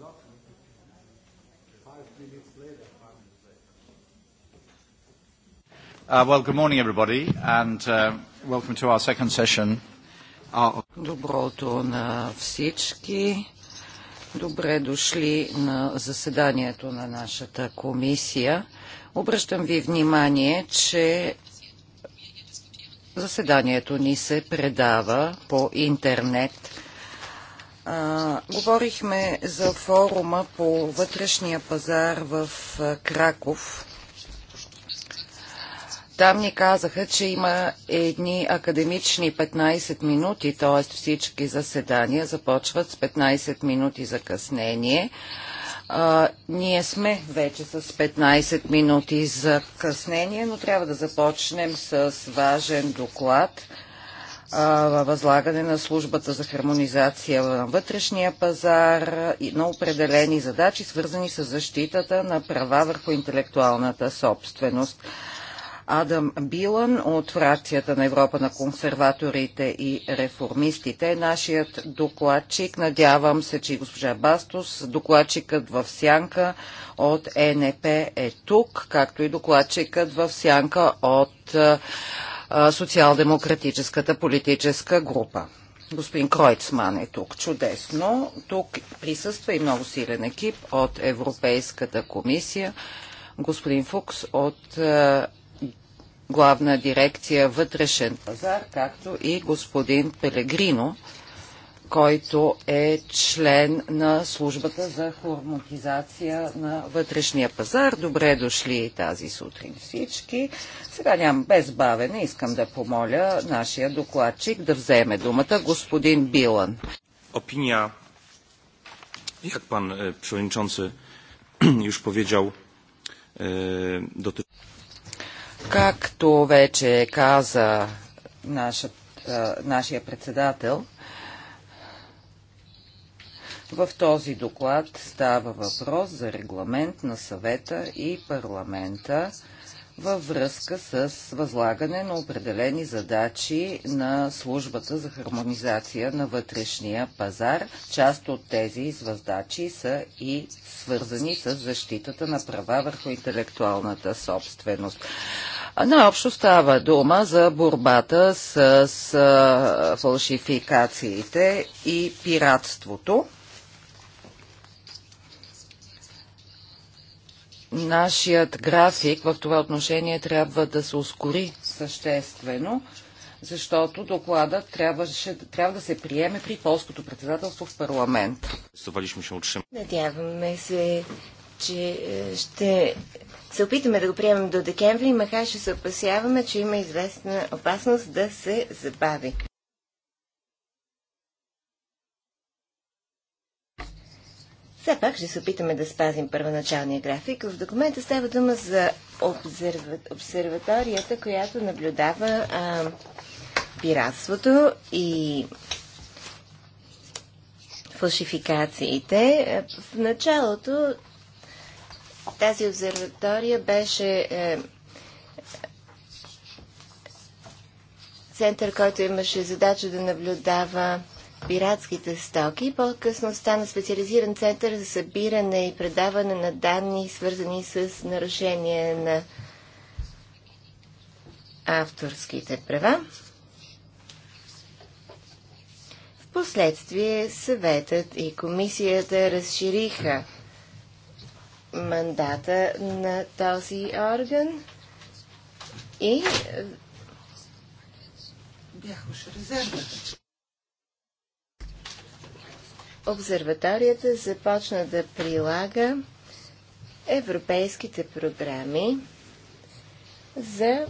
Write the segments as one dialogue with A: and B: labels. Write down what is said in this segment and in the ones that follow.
A: Добро
B: Five minutes later, five minutes
A: Uh, well, good morning, everybody, and uh, welcome to our second session. на всички. Добре дошли на заседанието
C: на нашата комисия. Обръщам ви внимание, че заседанието ни се предава по интернет а, говорихме за форума по вътрешния пазар в Краков. Там ни казаха, че има едни академични 15 минути, т.е. всички заседания започват с 15 минути закъснение. А, ние сме вече с 15 минути закъснение, но трябва да започнем с важен доклад – възлагане на службата за хармонизация на вътрешния пазар и на определени задачи, свързани с защитата на права върху интелектуалната собственост. Адам Билан от фракцията на Европа на консерваторите и реформистите. е Нашият докладчик, надявам се, че и госпожа Бастос, докладчикът в Сянка от ЕНП е тук, както и докладчикът в Сянка от социал-демократическата политическа група. Господин Кройцман е тук. Чудесно. Тук присъства и много силен екип от Европейската комисия. Господин Фукс от главна дирекция вътрешен пазар, както и господин Пелегрино който е член на службата за хормонизация на вътрешния пазар. Добре дошли тази сутрин всички. Сега нямам без искам да помоля нашия докладчик да вземе думата господин Билан. Opinia, jak pan przewodniczący już powiedział, e, Както вече каза е, нашия председател, в този доклад става въпрос за регламент на съвета и парламента във връзка с възлагане на определени задачи на службата за хармонизация на вътрешния пазар. Част от тези задачи са и свързани с защитата на права върху интелектуалната собственост. Наобщо става дума за борбата с, с фалшификациите и пиратството. Нашият график в това отношение трябва да се ускори съществено, защото докладът трябваше, трябва да се приеме при полското председателство в парламент.
D: Надяваме се, че е, ще се опитаме да го приемем до декември, макар ще се опасяваме, че има известна опасност да се забави. Все пак ще се опитаме да спазим първоначалния график. В документа става дума за обзерва... обсерваторията, която наблюдава а, пиратството и фалшификациите. В началото тази обсерватория беше е, център, който имаше задача да наблюдава пиратските стоки. По-късно стана специализиран център за събиране и предаване на данни, свързани с нарушение на авторските права. Впоследствие съветът и комисията разшириха мандата на този орган и Бях уж резервната обсерваторията започна да прилага европейските програми за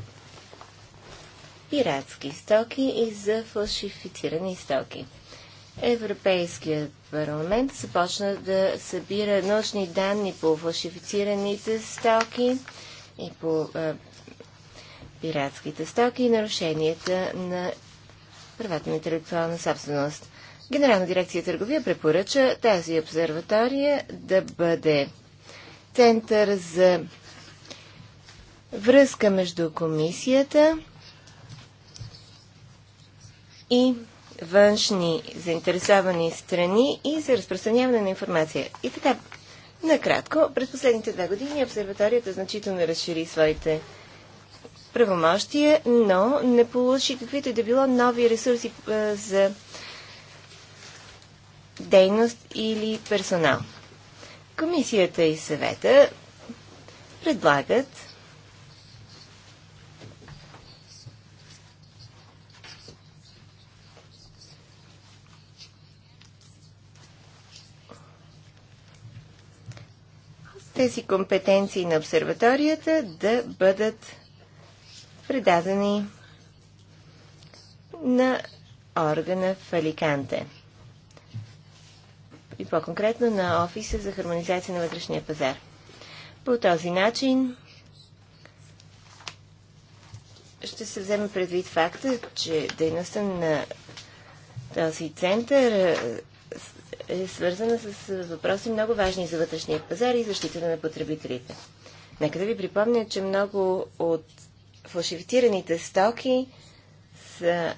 D: пиратски стоки и за фалшифицирани стоки. Европейският парламент започна да събира нужни данни по фалшифицираните стоки и по а, пиратските стоки и нарушенията на правата на интелектуална собственост. Генерална дирекция търговия препоръча тази обсерватория да бъде център за връзка между комисията и външни заинтересовани страни и за разпространяване на информация. И така, накратко, през последните две години обсерваторията значително разшири своите правомощия, но не получи каквито и да било нови ресурси за дейност или персонал. Комисията и съвета предлагат тези компетенции на обсерваторията да бъдат предадени на органа в Аликанте и по-конкретно на Офиса за хармонизация на вътрешния пазар. По този начин ще се вземе предвид факта, че дейността на този център е, е свързана с въпроси много важни за вътрешния пазар и защита на потребителите. Нека да ви припомня, че много от фалшифицираните стоки са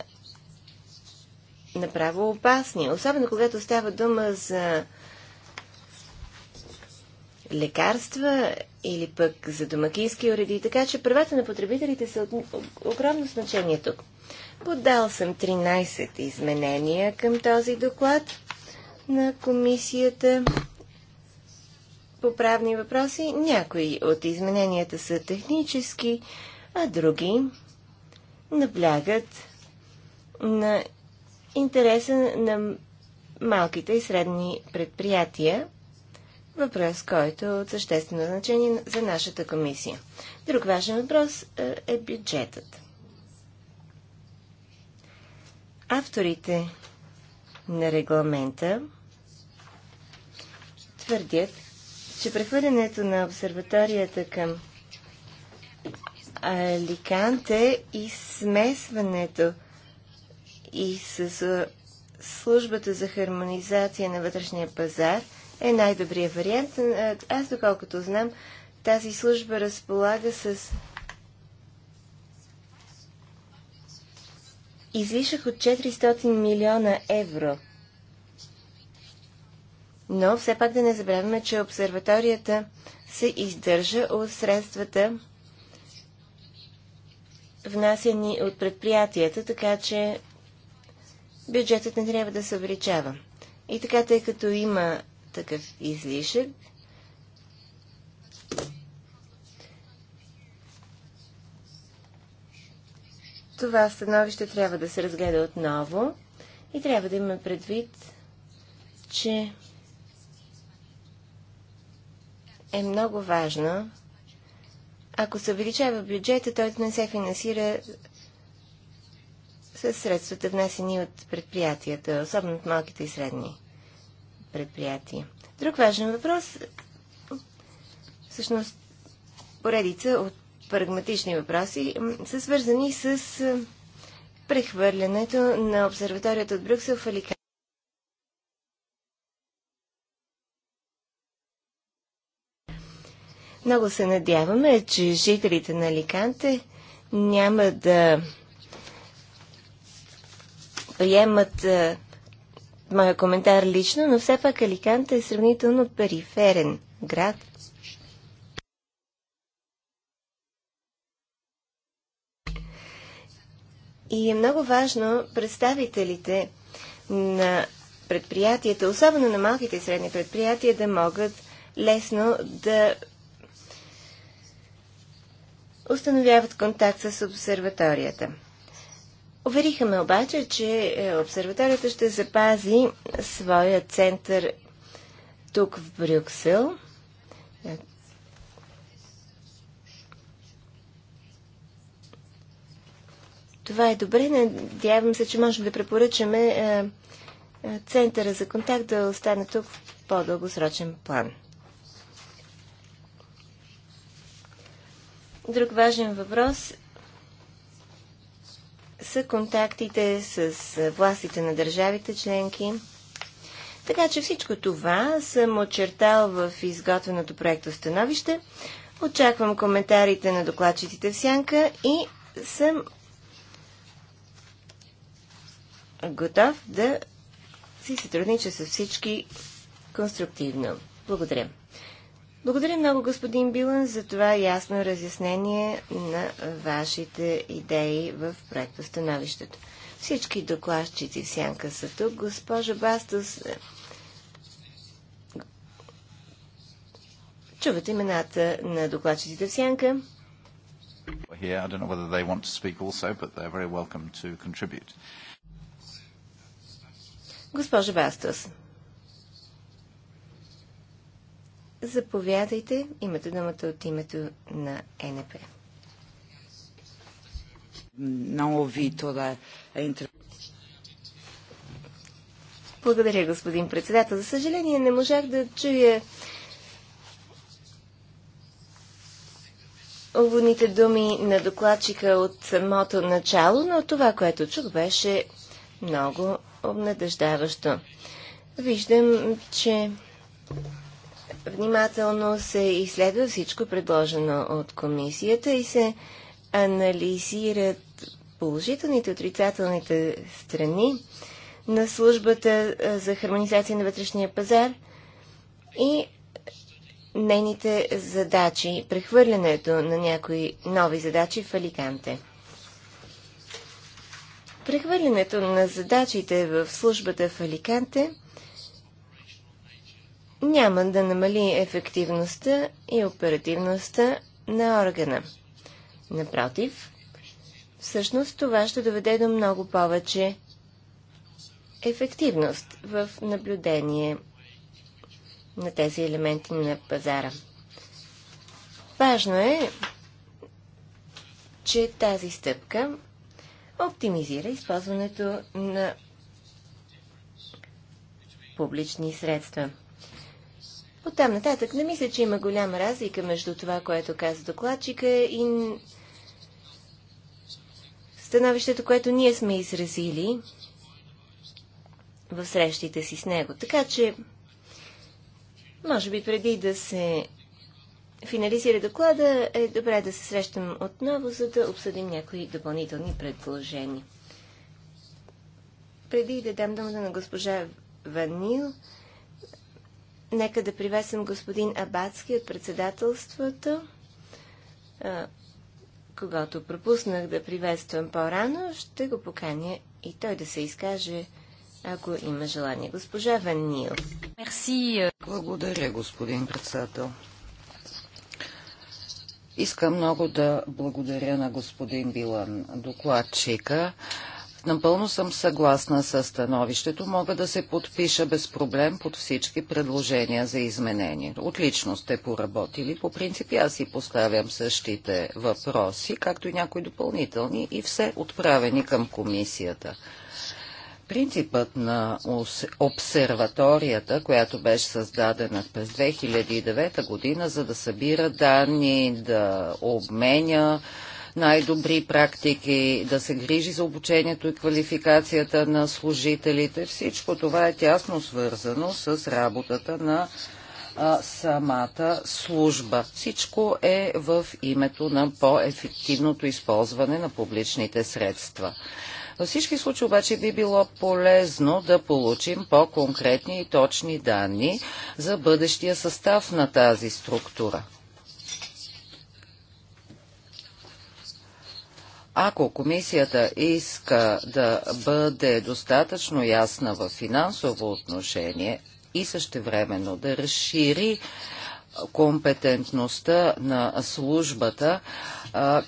D: направо опасни. Особено когато става дума за лекарства или пък за домакински уреди, така че правата на потребителите са от огромно значение тук. Поддал съм 13 изменения към този доклад на комисията по правни въпроси. Някои от измененията са технически, а други наблягат на интереса на малките и средни предприятия, въпрос, който е от съществено значение за нашата комисия. Друг важен въпрос е, е бюджетът. Авторите на регламента твърдят, че прехвърлянето на обсерваторията към Аликанте и смесването и с службата за хармонизация на вътрешния пазар е най-добрият вариант. Аз, доколкото знам, тази служба разполага с излишък от 400 милиона евро. Но все пак да не забравяме, че обсерваторията се издържа от средствата внасяни от предприятията, така че бюджетът не трябва да се увеличава. И така, тъй като има такъв излишък, това становище трябва да се разгледа отново и трябва да има предвид, че е много важно, ако се увеличава бюджета, той да не се финансира с средствата внесени от предприятията, особено от малките и средни предприятия. Друг важен въпрос, всъщност поредица от прагматични въпроси, са свързани с прехвърлянето на обсерваторията от Брюксел в Аликан. Много се надяваме, че жителите на Аликанте няма да възприемат а, моя коментар лично, но все пак Аликанта е сравнително периферен град. И е много важно представителите на предприятията, особено на малките и средни предприятия, да могат лесно да установяват контакт с обсерваторията. Увериха ме обаче, че е, обсерваторията ще запази своя център тук в Брюксел. Това е добре. Надявам се, че можем да препоръчаме е, е, центъра за контакт да остане тук в по-дългосрочен план. Друг важен въпрос са контактите с властите на държавите членки. Така че всичко това съм очертал в изготвеното проекто становище. Очаквам коментарите на докладчиците в сянка и съм готов да си сътруднича с всички конструктивно. Благодаря. Благодаря много, господин Билан, за това ясно разяснение на вашите идеи в проекта становището. Всички докладчици в сянка са тук. Госпожа Бастос, е, чувате имената на докладчиците в сянка. Госпожа Бастос. Заповядайте, имате думата от името на НП. Благодаря, господин председател. За съжаление, не можах да чуя уводните думи на докладчика от самото начало, но това, което чух, беше много обнадеждаващо. Виждам, че внимателно се изследва всичко предложено от комисията и се анализират положителните и отрицателните страни на службата за хармонизация на вътрешния пазар и нейните задачи, прехвърлянето на някои нови задачи в Аликанте. Прехвърлянето на задачите в службата в Аликанте няма да намали ефективността и оперативността на органа. Напротив, всъщност това ще доведе до много повече ефективност в наблюдение на тези елементи на пазара. Важно е, че тази стъпка оптимизира използването на публични средства – от там нататък не мисля, че има голяма разлика между това, което каза докладчика и становището, което ние сме изразили в срещите си с него. Така че, може би преди да се финализира доклада, е добре да се срещам отново, за да обсъдим някои допълнителни предположения. Преди да дам думата на госпожа Ванил, Нека да приветствам господин Абацки от председателството, когато пропуснах да приветствам по-рано, ще го поканя и той да се изкаже, ако има желание. Госпожа Ванил. Мерси. Благодаря, господин председател.
C: Искам много да благодаря на господин Билан, докладчика. Напълно съм съгласна с становището. Мога да се подпиша без проблем под всички предложения за изменение. Отлично сте поработили. По принцип аз си поставям същите въпроси, както и някои допълнителни и все отправени към комисията. Принципът на обсерваторията, която беше създадена през 2009 година, за да събира данни, да обменя най-добри практики, да се грижи за обучението и квалификацията на служителите. Всичко това е тясно свързано с работата на а, самата служба. Всичко е в името на по-ефективното използване на публичните средства. Във всички случаи обаче би било полезно да получим по-конкретни и точни данни за бъдещия състав на тази структура. Ако комисията иска да бъде достатъчно ясна в финансово отношение и също времено да разшири компетентността на службата,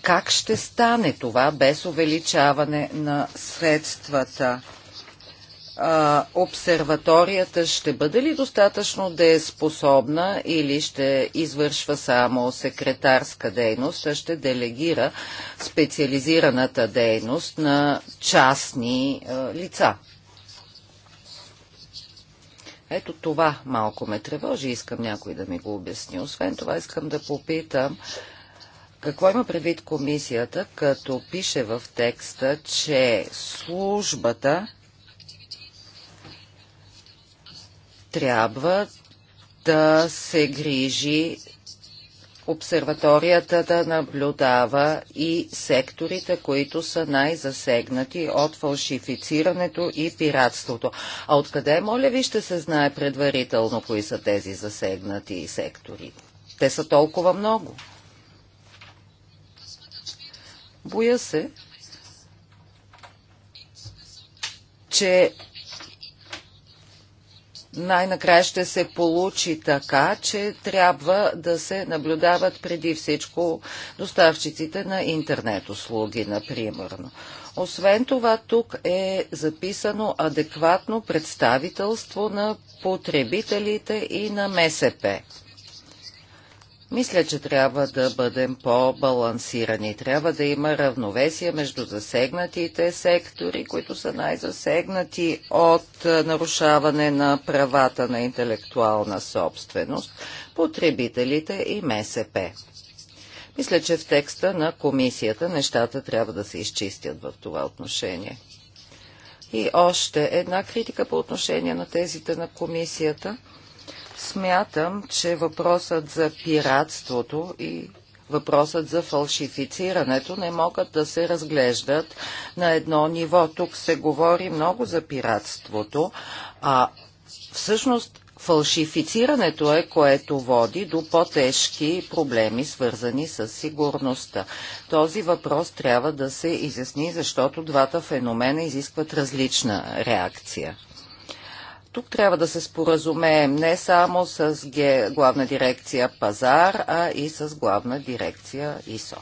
C: как ще стане това без увеличаване на средствата? а, обсерваторията ще бъде ли достатъчно да е способна или ще извършва само секретарска дейност, а ще делегира специализираната дейност на частни а, лица? Ето това малко ме тревожи, искам някой да ми го обясни. Освен това искам да попитам какво има предвид комисията, като пише в текста, че службата трябва да се грижи обсерваторията да наблюдава и секторите, които са най-засегнати от фалшифицирането и пиратството. А откъде, моля ви, ще се знае предварително кои са тези засегнати сектори? Те са толкова много. Боя се, че най-накрая ще се получи така, че трябва да се наблюдават преди всичко доставчиците на интернет услуги, например. Освен това, тук е записано адекватно представителство на потребителите и на МСП. Мисля, че трябва да бъдем по-балансирани. Трябва да има равновесие между засегнатите сектори, които са най-засегнати от е, нарушаване на правата на интелектуална собственост, потребителите и МСП. Мисля, че в текста на комисията нещата трябва да се изчистят в това отношение. И още една критика по отношение на тезите на комисията – Смятам, че въпросът за пиратството и въпросът за фалшифицирането не могат да се разглеждат на едно ниво. Тук се говори много за пиратството, а всъщност фалшифицирането е, което води до по-тежки проблеми, свързани с сигурността. Този въпрос трябва да се изясни, защото двата феномена изискват различна реакция. Тук трябва да се споразумеем не само с главна дирекция Пазар, а и с главна дирекция ИСО.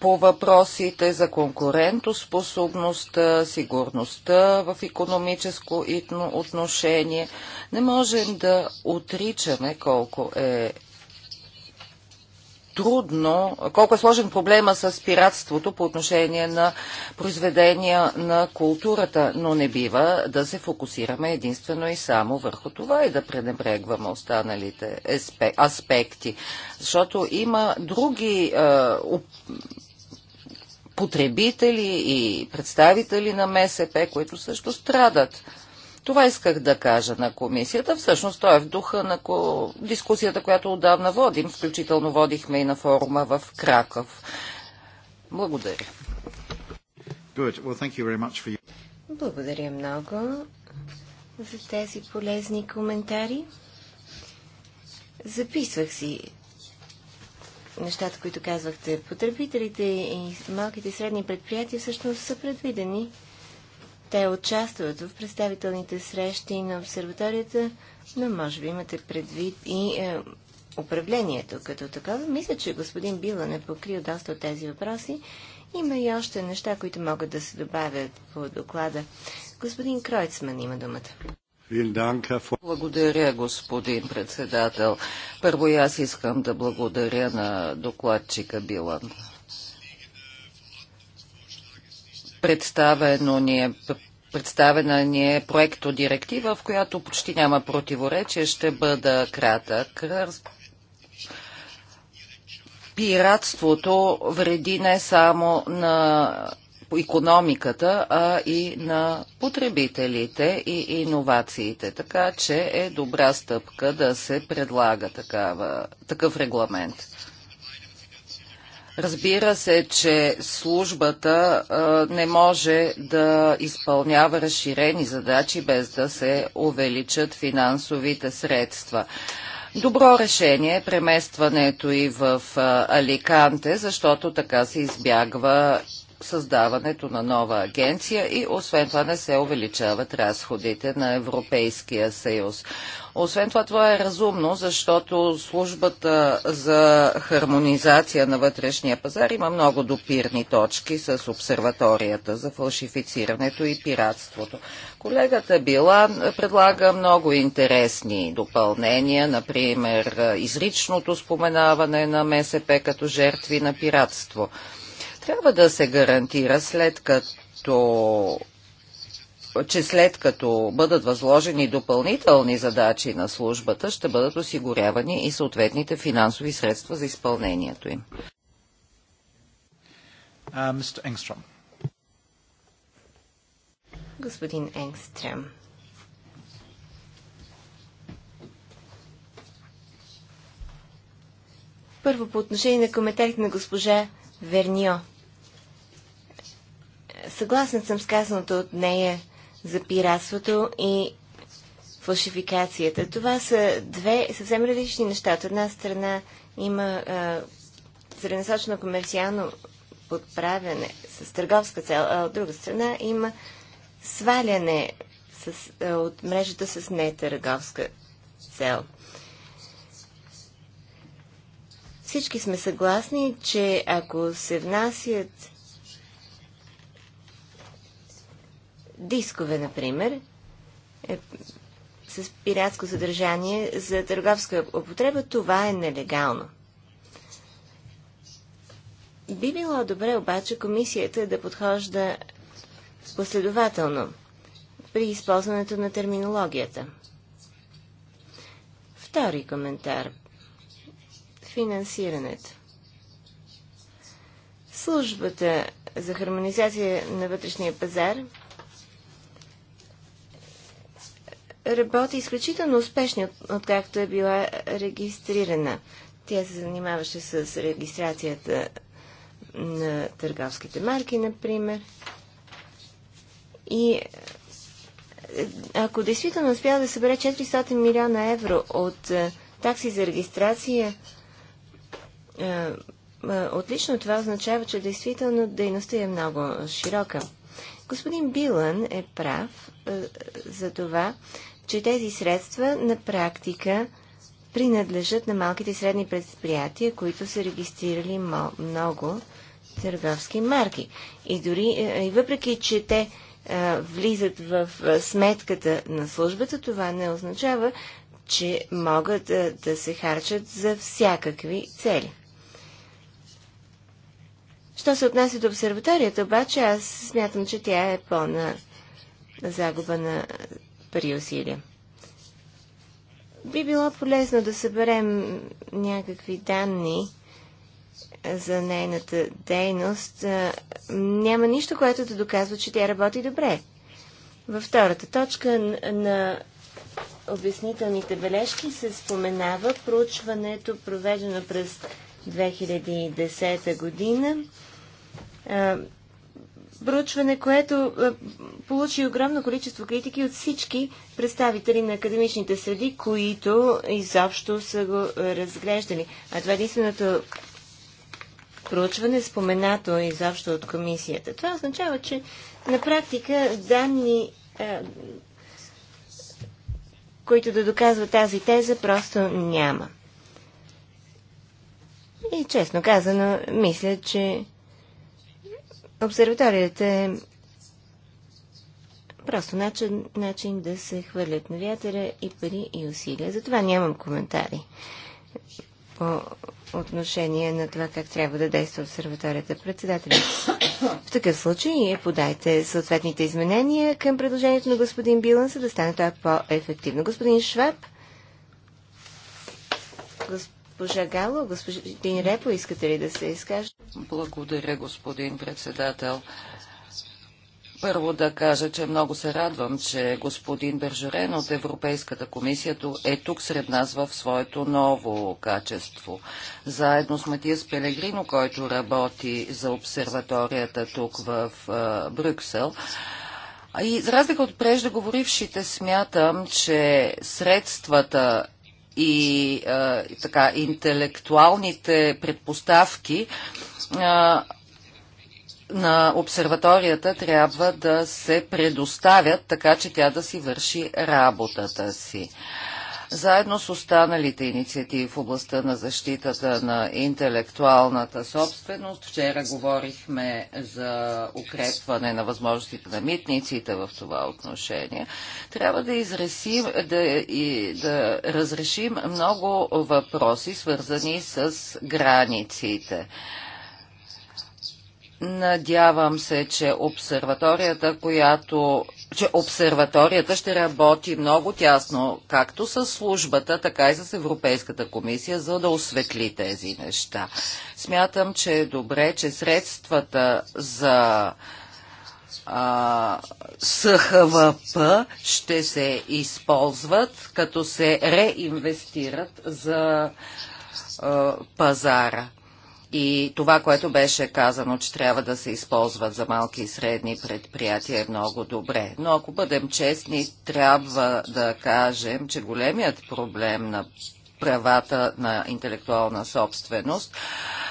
C: По въпросите за конкурентоспособността, сигурността в економическо отношение, не можем да отричаме колко е трудно, колко е сложен проблема с пиратството по отношение на произведения на културата, но не бива да се фокусираме единствено и само върху това и да пренебрегваме останалите аспекти, защото има други потребители и представители на МСП, които също страдат. Това исках да кажа на комисията. Всъщност той е в духа на ко... дискусията, която отдавна водим, включително водихме и на форума в Краков.
A: Благодаря. Well, for...
D: Благодаря много за тези полезни коментари. Записвах си нещата, които казвахте. Потребителите и малките и средни предприятия всъщност са предвидени те участват в представителните срещи на обсерваторията, но може би имате предвид и е, управлението като такова. Мисля, че господин Била не покрил доста от тези въпроси. Има и още неща, които могат да се добавят по доклада. Господин Кройцман има
C: думата. Благодаря, господин председател. Първо аз искам да благодаря на докладчика Билан представено ни е Представена ни е проекто директива, в която почти няма противоречие. Ще бъда кратък. Пиратството вреди не само на економиката, а и на потребителите и иновациите. Така че е добра стъпка да се предлага такава, такъв регламент. Разбира се, че службата а, не може да изпълнява разширени задачи без да се увеличат финансовите средства. Добро решение е преместването и в а, Аликанте, защото така се избягва създаването на нова агенция и освен това не се увеличават разходите на Европейския съюз. Освен това, това е разумно, защото службата за хармонизация на вътрешния пазар има много допирни точки с обсерваторията за фалшифицирането и пиратството. Колегата Била предлага много интересни допълнения, например изричното споменаване на МСП като жертви на пиратство – трябва да се гарантира след като че след като бъдат възложени допълнителни задачи на службата, ще бъдат осигурявани и съответните финансови средства за изпълнението им.
A: Uh,
D: Господин Енгстрем. Първо по отношение на коментарите на госпожа Верньо. Съгласна съм с казаното от нея за пиратството и фалшификацията. Това са две съвсем различни неща. От една страна има целенасочено комерциално подправяне с търговска цел, а от друга страна има сваляне с, а, от мрежата с нетърговска цел. Всички сме съгласни, че ако се внасят дискове, например, е, с пиратско съдържание за търговска употреба, това е нелегално. Би било добре обаче комисията да подхожда последователно при използването на терминологията. Втори коментар. Финансирането. Службата за хармонизация на вътрешния пазар – работи изключително успешно, откакто е била регистрирана. Тя се занимаваше с регистрацията на търговските марки, например. И е, ако действително успя да събере 400 милиона евро от е, такси за регистрация, е, отлично това означава, че действително дейността е много широка. Господин Билан е прав за това, че тези средства на практика принадлежат на малките и средни предприятия, които са регистрирали много търговски марки. И дори, е, е, и въпреки, че те е, влизат в сметката на службата, това не означава, че могат да се харчат за всякакви цели. Що се отнася до обсерваторията, обаче аз смятам, че тя е пълна загуба на пари усилия. Би било полезно да съберем някакви данни за нейната дейност. Няма нищо, което да доказва, че тя работи добре. Във втората точка на обяснителните бележки се споменава проучването, проведено през 2010 година проучване, което е, получи огромно количество критики от всички представители на академичните среди, които изобщо са го разглеждали. А това е единственото проучване, споменато изобщо от комисията. Това означава, че на практика данни, е, които да доказват тази теза, просто няма. И честно казано, мисля, че Обсерваторията е просто начин, начин да се хвърлят на вятъра и пари и усилия. Затова нямам коментари по отношение на това как трябва да действа обсерваторията председателя. В такъв случай е, подайте съответните изменения към предложението на господин Билан, за да стане това по-ефективно. Господин Шваб, госпожа Гало, господин Репо, искате ли да се изкаже? Благодаря,
C: господин председател. Първо да кажа, че много се радвам, че господин Бержорен от Европейската комисия е тук сред нас в своето ново качество. Заедно с Матиас Пелегрино, който работи за обсерваторията тук в Брюксел. И за разлика от преждеговорившите, смятам, че средствата и а, така, интелектуалните предпоставки а, на обсерваторията трябва да се предоставят така, че тя да си върши работата си. А, заедно с останалите инициативи в областта на защитата на интелектуалната собственост. Вчера говорихме за укрепване на възможностите на митниците в това отношение. Трябва да, изресим, да, и, да разрешим много въпроси, свързани с границите. Надявам се, че обсерваторията, която, че обсерваторията ще работи много тясно, както с службата, така и с Европейската комисия, за да осветли тези неща. Смятам, че е добре, че средствата за а, СХВП ще се използват, като се реинвестират за а, пазара. И това, което беше казано, че трябва да се използват за малки и средни предприятия е много добре. Но ако бъдем честни, трябва да кажем, че големият проблем на правата на интелектуална собственост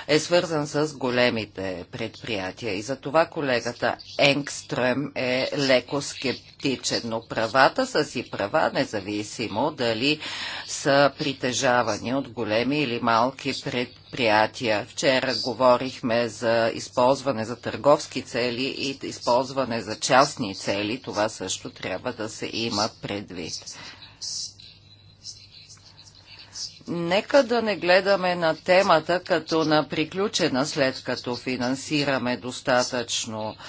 C: е свързан с големите предприятия. И за това колегата Енгстрем е леко скептичен, но правата са си права, независимо дали са притежавани от големи или малки предприятия предприятия. Вчера говорихме за използване за търговски цели и използване за частни цели. Това също трябва да се има предвид. Нека да не гледаме на темата като на приключена след като финансираме достатъчно а,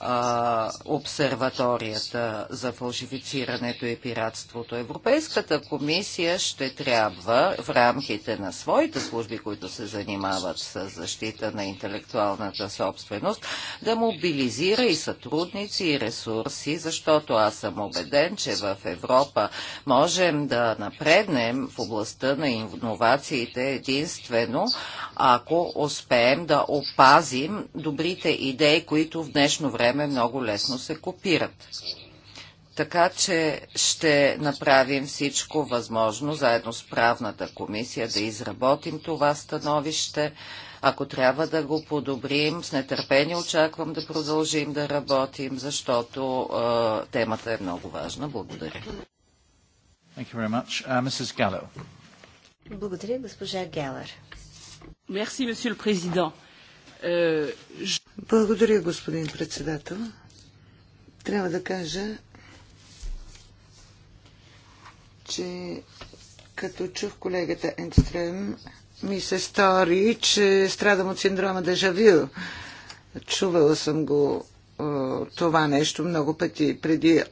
C: а, обсерваторията за фалшифицирането и пиратството. Европейската комисия ще трябва в рамките на своите служби, които се занимават с защита на интелектуалната собственост, да мобилизира и сътрудници и ресурси, защото аз съм убеден, че в Европа можем да напреднем в областта на иновациите единствено, ако успеем да опазим добрите идеи, които в днешно време време много лесно се копират. Така че ще направим всичко възможно, заедно с правната комисия, да изработим това становище. Ако трябва да го подобрим, с нетърпение очаквам да продължим да работим, защото е, темата е
A: много важна. Благодаря. Uh,
D: Благодаря, госпожа Гелър. Merci, monsieur le président. je...
B: Euh, благодаря, господин председател.
D: Трябва да кажа,
B: че като чух колегата Енстрем, ми се стори, че страдам от синдрома дежавил. Чувала съм го това нещо много пъти преди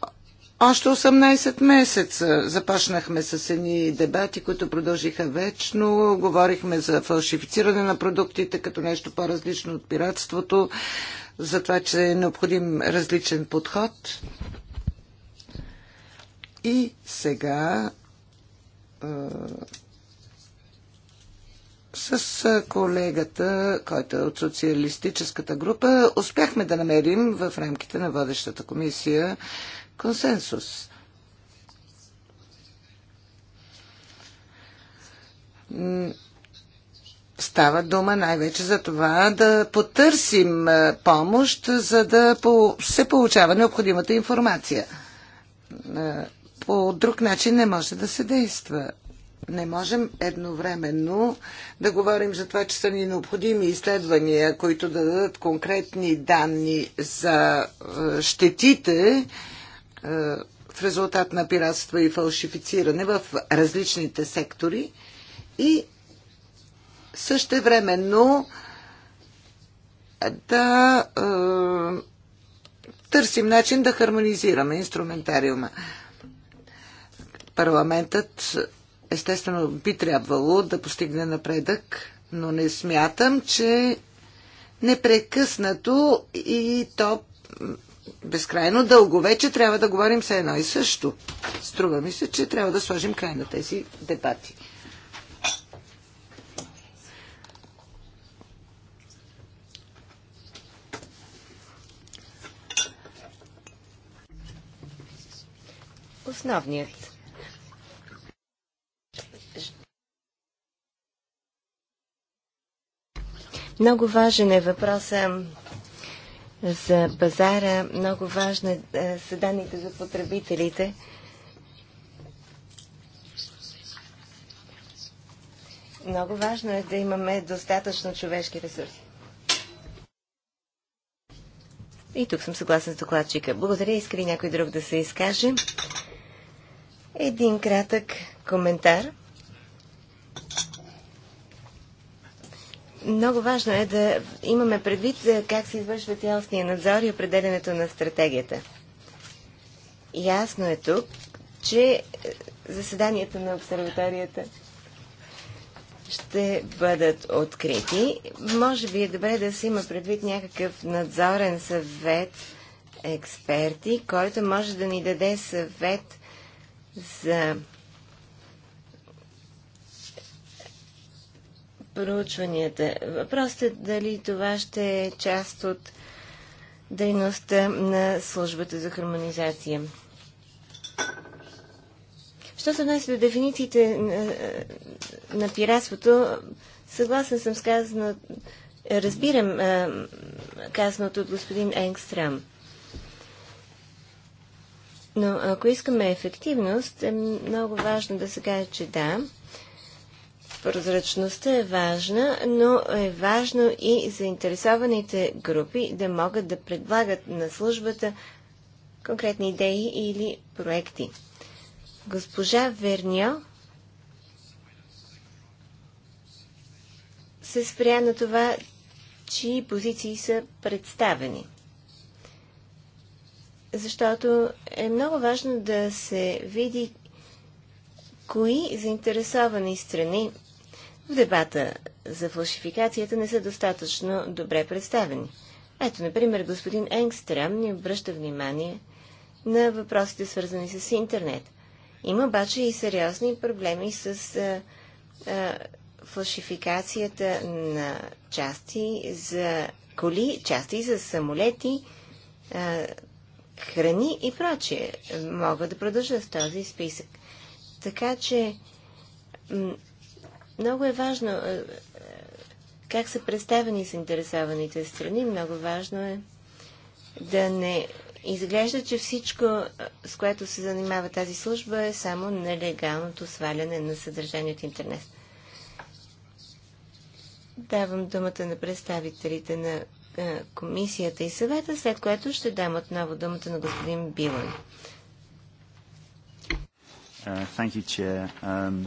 B: още 18 месеца започнахме с едни дебати, които продължиха вечно. Говорихме за фалшифициране на продуктите като нещо по-различно от пиратството, за това, че е необходим различен подход. И сега е, с колегата, който е от социалистическата група, успяхме да намерим в рамките на водещата комисия консенсус. Става дума най-вече за това да потърсим помощ, за да се получава необходимата информация. По друг начин не може да се действа. Не можем едновременно да говорим за това, че са ни необходими изследвания, които да дадат конкретни данни за щетите, е, в резултат на пиратство и фалшифициране в различните сектори и същевременно да е, търсим начин да хармонизираме инструментариума. Парламентът естествено би трябвало да постигне напредък, но не смятам, че непрекъснато и то безкрайно дълго вече трябва да говорим с едно и също. Струва ми се, че трябва да сложим край на тези дебати.
D: Основният Много важен е въпросът за пазара много важни е, са данните за потребителите. Много важно е да имаме достатъчно човешки ресурси. И тук съм съгласна с докладчика. Благодаря. Иска ли някой друг да се изкаже? Един кратък коментар. много важно е да имаме предвид е, как се извършва цялостния надзор и определенето на стратегията. Ясно е тук, че е, заседанията на обсерваторията ще бъдат открити. Може би е добре да се има предвид някакъв надзорен съвет експерти, който може да ни даде съвет за проучванията. Въпросът е дали това ще е част от дейността на службата за хармонизация. Що се отнася до дефинициите на, на пиратството, съгласен съм с казано, разбирам казаното от господин Енгстрам. Но ако искаме ефективност, е много важно да се каже, че да, Прозрачността е важна, но е важно и заинтересованите групи да могат да предлагат на службата конкретни идеи или проекти. Госпожа Верньо се спря на това, чии позиции са представени. Защото е много важно да се види кои заинтересовани страни в дебата за фалшификацията не са достатъчно добре представени. Ето, например, господин Енгстрам ни обръща внимание на въпросите, свързани с интернет. Има обаче и сериозни проблеми с а, а, фалшификацията на части за коли, части за самолети, а, храни и прочие. Мога да продължа с този списък. Така че много е важно е, е, как са представени заинтересованите страни. Много важно е да не изглежда, че всичко, е, с което се занимава тази служба, е само нелегалното сваляне на съдържание от интернет. Давам думата на представителите на комисията и съвета, след което ще дам отново думата на господин Билан.
A: Uh, um,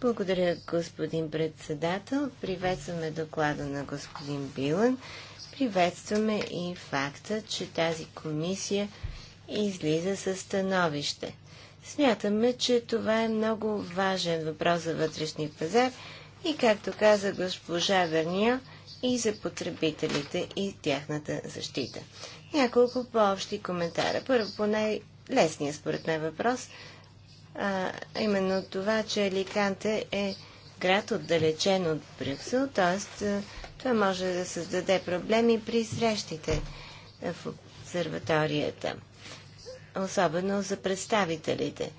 D: благодаря, господин председател. Приветстваме доклада на господин Билан. Приветстваме и факта, че тази комисия излиза със становище. Смятаме, че това е много важен въпрос за вътрешния пазар и, както каза госпожа Верния, и за потребителите и тяхната защита. Няколко по-общи коментара. Първо по най-лесния, според мен, въпрос – а, именно това, че Аликанте е град отдалечен от Брюксел, т.е. това може да създаде проблеми при срещите в обсерваторията, особено за представителите.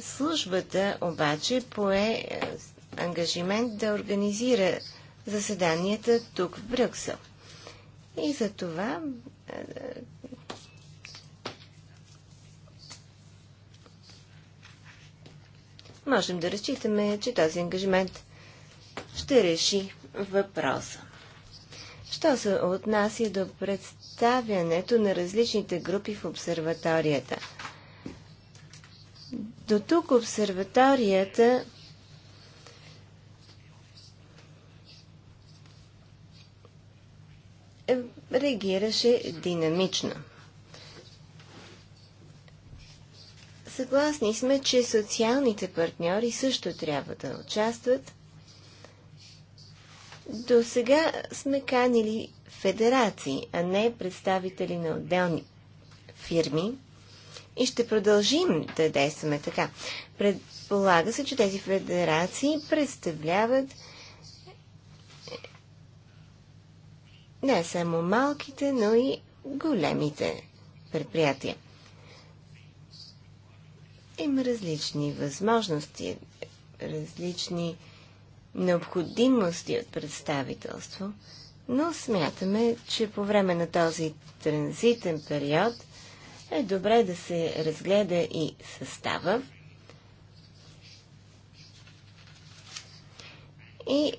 D: Службата обаче пое ангажимент да организира заседанията тук в Брюксел. И за това можем да разчитаме, че този ангажимент ще реши въпроса. Що се отнася до представянето на различните групи в обсерваторията? До тук обсерваторията е, реагираше динамично. Съгласни сме, че социалните партньори също трябва да участват. До сега сме канили федерации, а не представители на отделни фирми и ще продължим да действаме така. Предполага се, че тези федерации представляват не само малките, но и големите предприятия. Има различни възможности, различни необходимости от представителство, но смятаме, че по време на този транзитен период е добре да се разгледа и състава и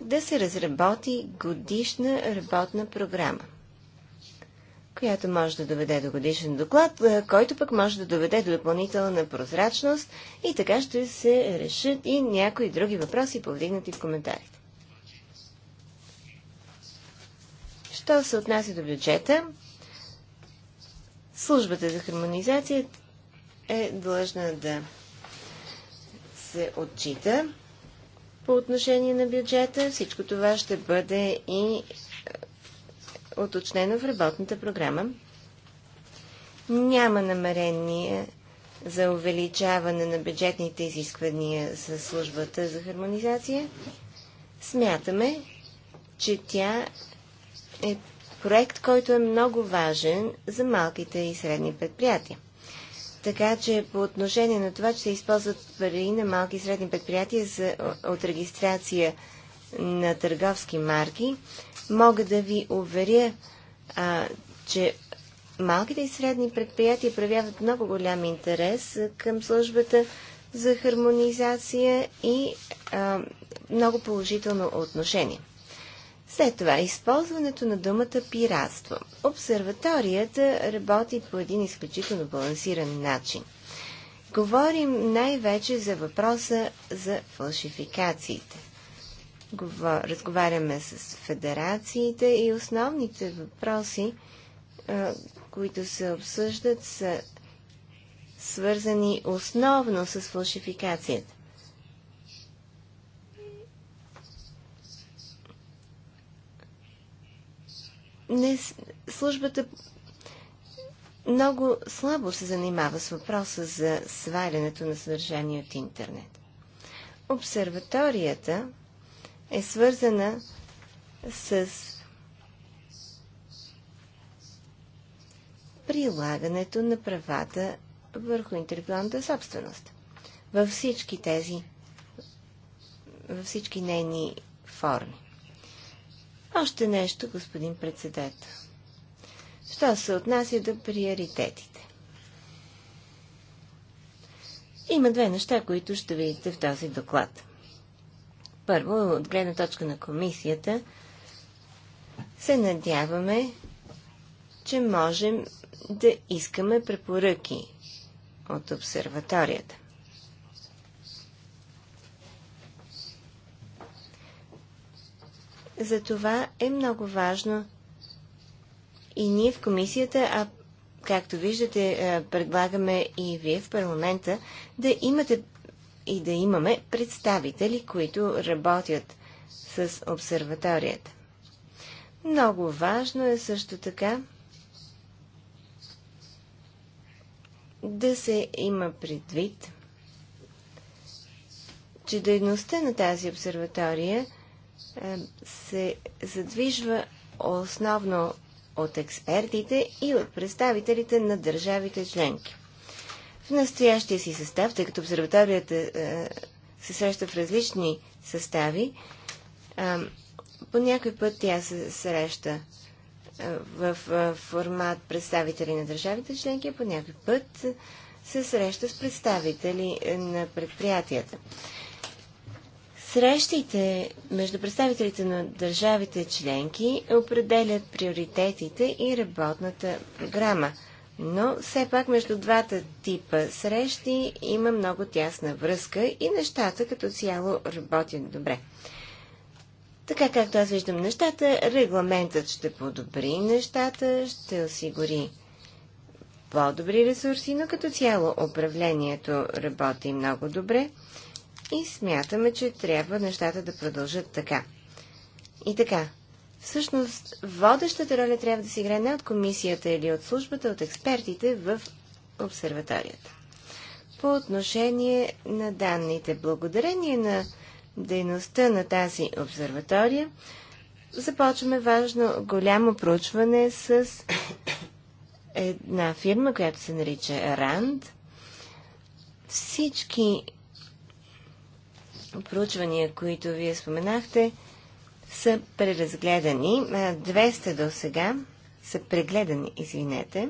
D: да се разработи годишна работна програма която може да доведе до годишен доклад, който пък може да доведе до допълнителна прозрачност и така ще се решат и някои други въпроси, повдигнати в коментарите. Що се отнася до бюджета, службата за хармонизация е длъжна да се отчита по отношение на бюджета. Всичко това ще бъде и уточнено в работната програма. Няма намерение за увеличаване на бюджетните изисквания за службата за хармонизация. Смятаме, че тя е проект, който е много важен за малките и средни предприятия. Така че по отношение на това, че се използват пари на малки и средни предприятия за, от регистрация на търговски марки, мога да ви уверя, а, че малките и средни предприятия проявяват много голям интерес към службата за хармонизация и а, много положително отношение. След това, използването на думата пиратство. Обсерваторията работи по един изключително балансиран начин. Говорим най-вече за въпроса за фалшификациите разговаряме с федерациите и основните въпроси, които се обсъждат, са свързани основно с фалшификацията. Не, службата много слабо се занимава с въпроса за свалянето на съдържание от интернет. Обсерваторията е свързана с прилагането на правата върху интелектуалната собственост. Във всички тези, във всички нейни форми. Още нещо, господин председател. Що се отнася до приоритетите? Има две неща, които ще видите в този доклад – първо, от гледна точка на комисията, се надяваме, че можем да искаме препоръки от обсерваторията. Затова е много важно и ние в комисията, а както виждате, предлагаме и вие в парламента да имате и да имаме представители, които работят с обсерваторията. Много важно е също така да се има предвид, че дейността на тази обсерватория е, се задвижва основно от експертите и от представителите на държавите членки. В настоящия си състав, тъй като обсерваторията е, се среща в различни състави, по някой път тя се среща е, в е, формат представители на държавите членки, а по някой път се среща с представители на предприятията. Срещите между представителите на държавите членки определят приоритетите и работната програма – но все пак между двата типа срещи има много тясна връзка и нещата като цяло работят добре. Така както аз виждам нещата, регламентът ще подобри нещата, ще осигури по-добри ресурси, но като цяло управлението работи много добре и смятаме, че трябва нещата да продължат така. И така, Всъщност, водещата роля трябва да се играе не от комисията или от службата, от експертите в обсерваторията. По отношение на данните, благодарение на дейността на тази обсерватория, започваме важно голямо проучване с една фирма, която се нарича Ранд. Всички проучвания, които вие споменахте, са преразгледани. 200 до сега са прегледани, извинете,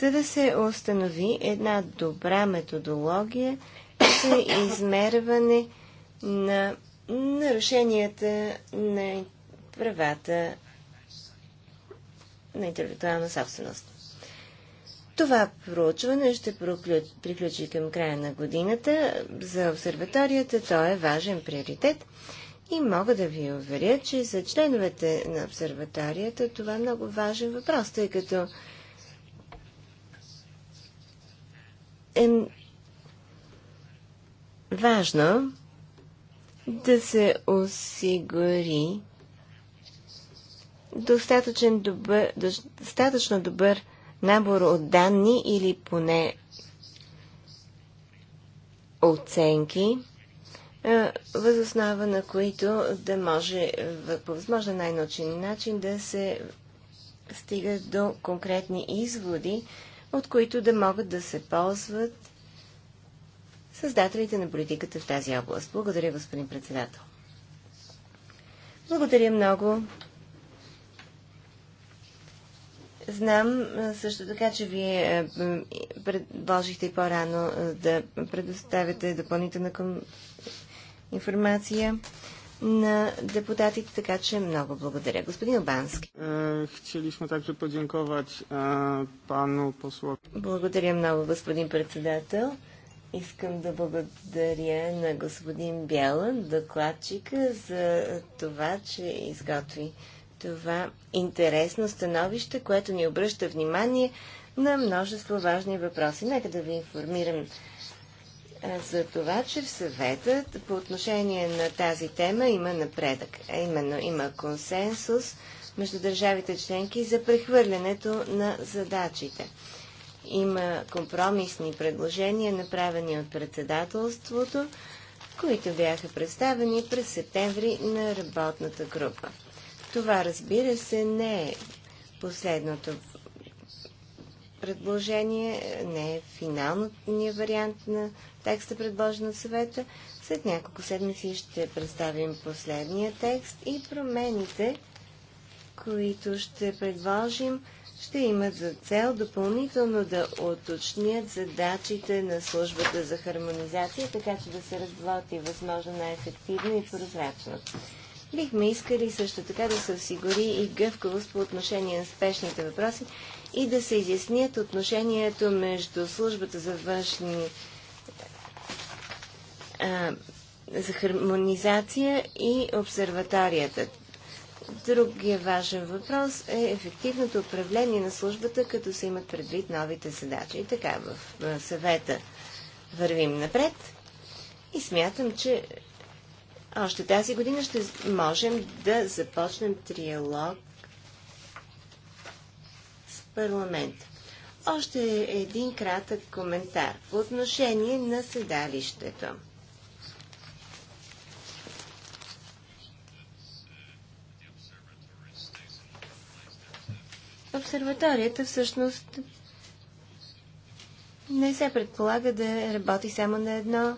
D: за да се установи една добра методология за измерване на нарушенията на правата на интелектуална собственост. Това проучване ще приключи към края на годината. За обсерваторията то е важен приоритет. И мога да ви уверя, че за членовете на обсерваторията това е много важен въпрос, тъй като е важно да се осигури достатъчен добър, достатъчно добър набор от данни или поне оценки е, възоснова на които да може по възможно най-научен начин да се стига до конкретни изводи, от които да могат да се ползват създателите на политиката в тази област. Благодаря, господин председател. Благодаря много. Знам е, също така, че вие е, предложихте и по-рано да предоставяте допълнителна информация на депутатите, така че много благодаря. Господин Обански. Е, Хотелихме также подзинковат е, пану посла. Благодаря много, господин председател. Искам да благодаря на господин Бялан, докладчика, за това, че изготви това интересно становище, което ни обръща внимание на множество важни въпроси. Нека да ви информирам за това, че в съветът по отношение на тази тема има напредък, а именно има консенсус между държавите членки за прехвърлянето на задачите. Има компромисни предложения, направени от председателството, които бяха представени през септември на работната група. Това, разбира се, не е последното предложение, не е финалният вариант на текста, предложен от съвета. След няколко седмици ще представим последния текст и промените, които ще предложим, ще имат за цел допълнително да оточнят задачите на службата за хармонизация, така че да се разработи възможно най-ефективно и прозрачно. Бихме искали също така да се осигури и гъвкавост по отношение на спешните въпроси и да се изяснят отношението между службата за външни за хармонизация и обсерваторията. Другия е важен въпрос е ефективното управление на службата, като се имат предвид новите задачи. И така, в съвета вървим напред и смятам, че още тази година ще можем да започнем триалог с парламента. Още един кратък коментар по отношение на седалището. обсерваторията всъщност не се предполага да работи само на едно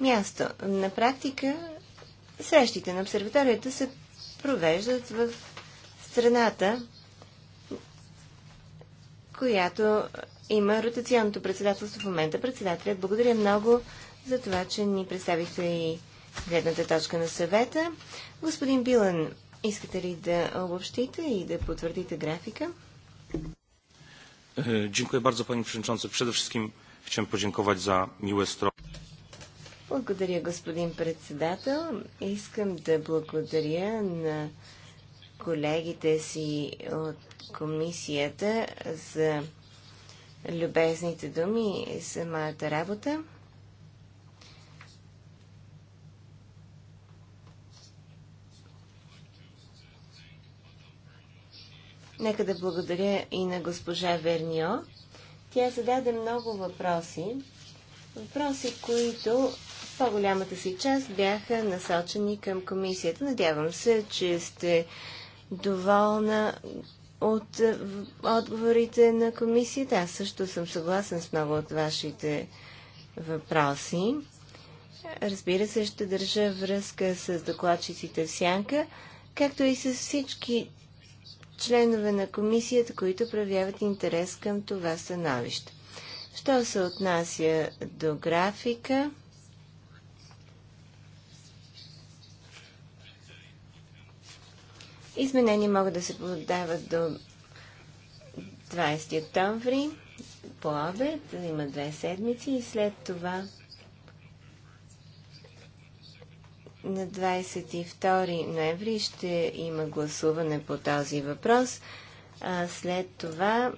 D: място. На практика срещите на обсерваторията се провеждат в страната, която има ротационното председателство в момента. Председателят, благодаря много за това, че ни представихте и гледната точка на съвета. Господин Билан, искате ли да обобщите и да потвърдите графика?
C: E, dziękuję bardzo Panie Przewodniczący. Przede wszystkim chciałem podziękować za miłe
D: Благодаря, господин председател. Искам да благодаря на колегите си от комисията за любезните думи и самата работа. Нека да благодаря и на госпожа Верньо. Тя зададе много въпроси. Въпроси, които в по-голямата си част бяха насочени към комисията. Надявам се, че сте доволна от е, отговорите на комисията. Аз също съм съгласен с много от вашите въпроси. Разбира се, ще държа връзка с докладчиците в Сянка, както и с всички членове на комисията, които проявяват интерес към това становище. Що се отнася до графика, Изменения могат да се подават до 20 октомври по обед, има две седмици и след това На 22 ноември ще има гласуване по този въпрос. А след това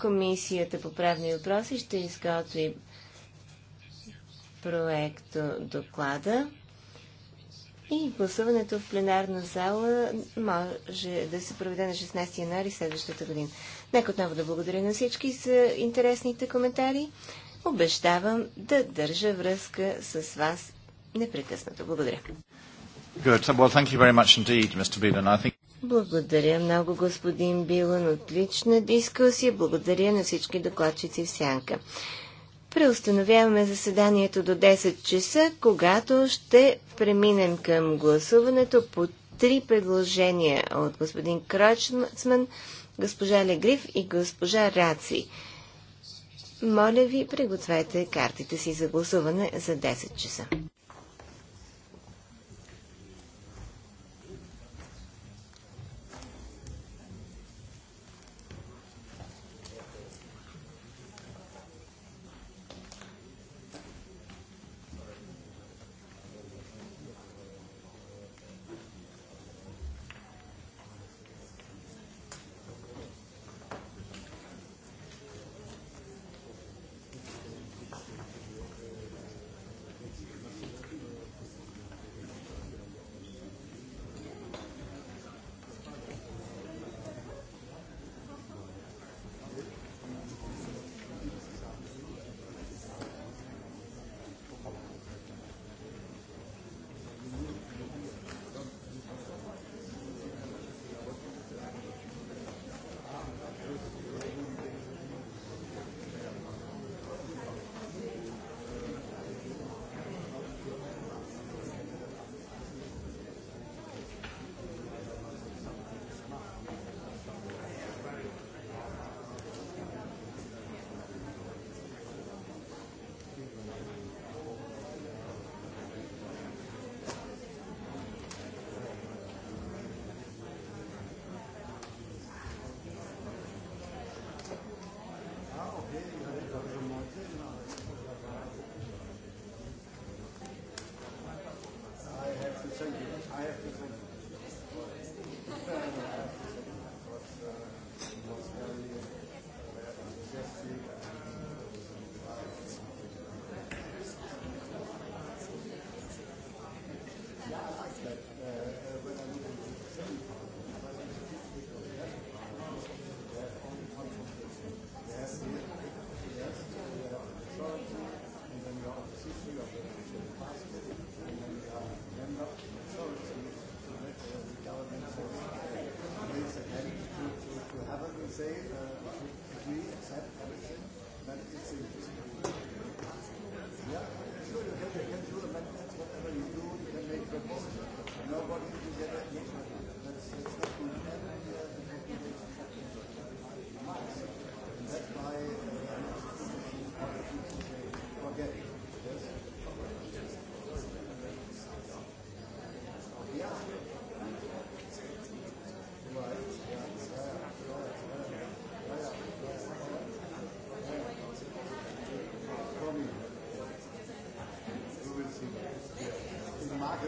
D: Комисията по правни въпроси ще изготви проекто доклада и гласуването в пленарна зала може да се проведе на 16 януари следващата година. Нека отново да благодаря на всички за интересните коментари. Обещавам да държа връзка с вас непрекъснато. Благодаря.
A: Well, indeed, think...
D: Благодаря много, господин Билан. Отлична дискусия. Благодаря на всички докладчици в Сянка. Преустановяваме заседанието до 10 часа, когато ще преминем към гласуването по три предложения от господин Крочман, госпожа Легриф и госпожа Раци. Моля ви, пригответе картите си за гласуване за 10 часа.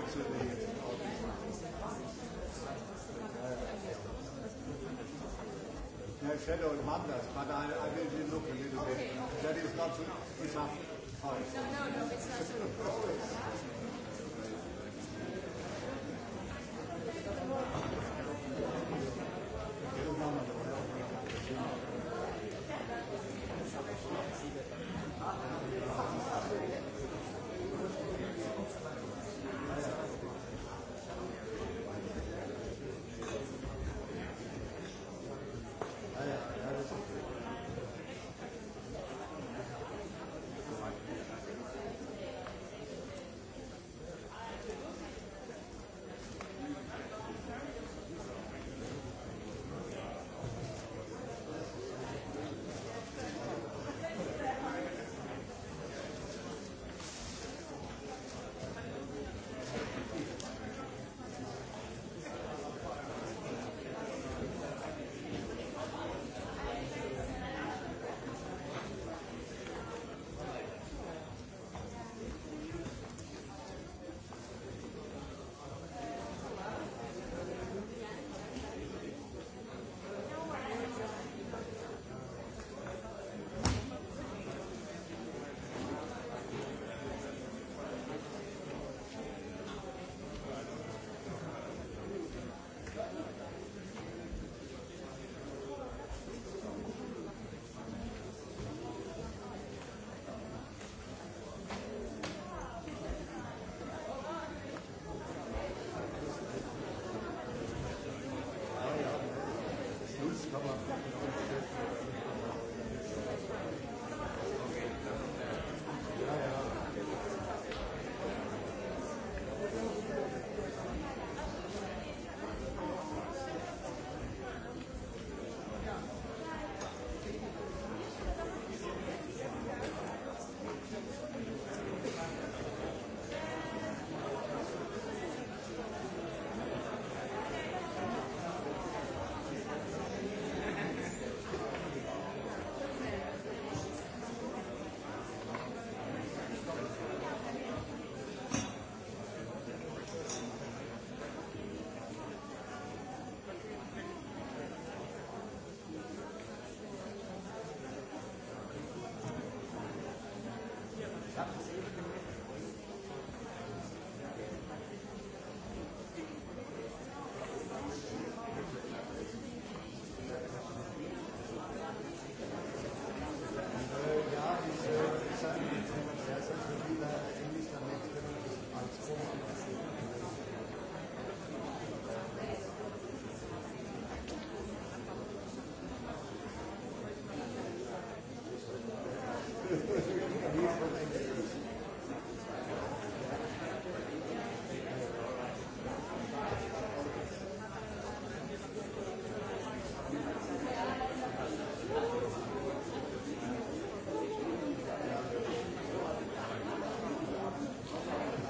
A: No shadow and wonders, but I, I did look a little bit. That is not enough. No, no, no, it's
B: not. Thank you.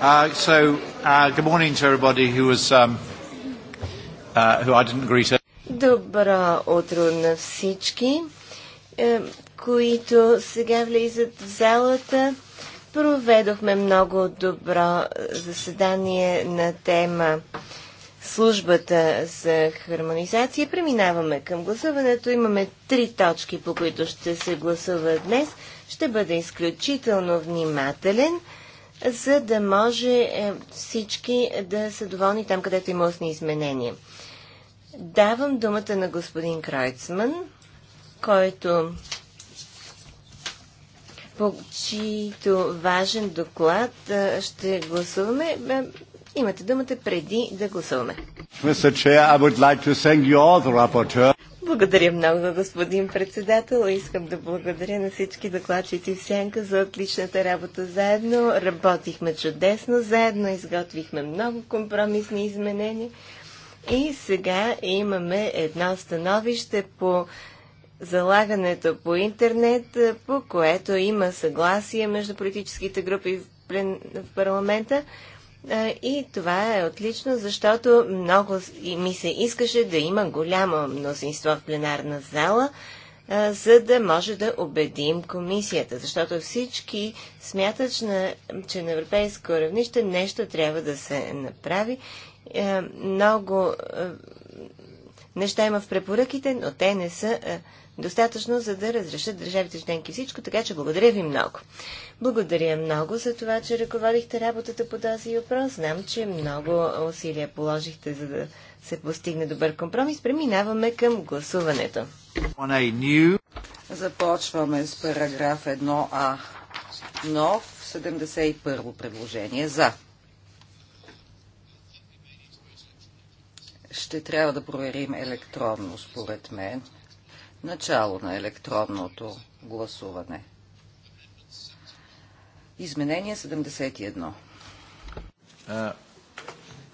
A: Uh, so, uh, good morning to everybody who was, um, uh, who I didn't greet.
D: Добро утро на всички, е, които сега влизат в залата. Проведохме много добро заседание на тема службата за хармонизация. Преминаваме към гласуването. Имаме три точки, по които ще се гласува днес. Ще бъде изключително внимателен – за да може е, всички да са доволни там, където има устни изменения. Давам думата на господин Кройцман, който по чието важен доклад е, ще гласуваме. Е, имате думата преди да гласуваме. Благодаря много, господин председател. Искам да благодаря на всички докладчици в Сянка за отличната работа заедно. Работихме чудесно заедно, изготвихме много компромисни изменения. И сега имаме едно становище по залагането по интернет, по което има съгласие между политическите групи в, в парламента. И това е отлично, защото много ми се искаше да има голямо мнозинство в пленарна зала, за да може да убедим комисията, защото всички смятат, че на европейско равнище нещо трябва да се направи. Е, много е, неща има в препоръките, но те не са е, достатъчно, за да разрешат държавите членки всичко, така че благодаря ви много. Благодаря много за това, че ръководихте работата по този въпрос. Знам, че много усилия положихте, за да се постигне добър компромис. Преминаваме към гласуването.
A: Започваме
D: с
C: параграф 1а. Нов 71 предложение за. Ще трябва да проверим електронно, според мен. Начало на електронното гласуване. Изменение 71.
A: Uh,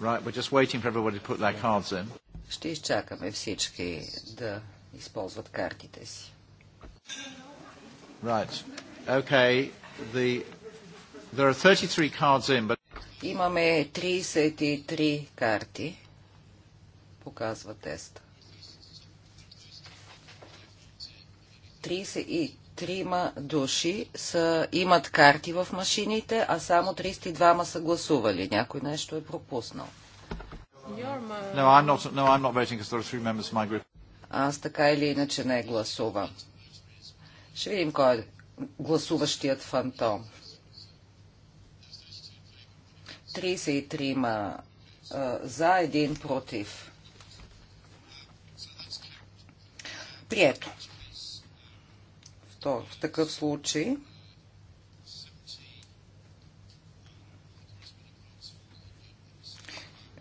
A: right,
C: Ще изчакаме
A: всички да
C: използват картите си.
A: Right. Okay. The... There are 33 cards in, but...
C: Имаме 33 карти. Показва теста. 33 души са, имат карти в машините, а само 32 са гласували. Някой нещо е пропуснал. Аз така или иначе не гласувам. Ще видим кой е гласуващият фантом. 33 а, за, един против. Прието то, в такъв случай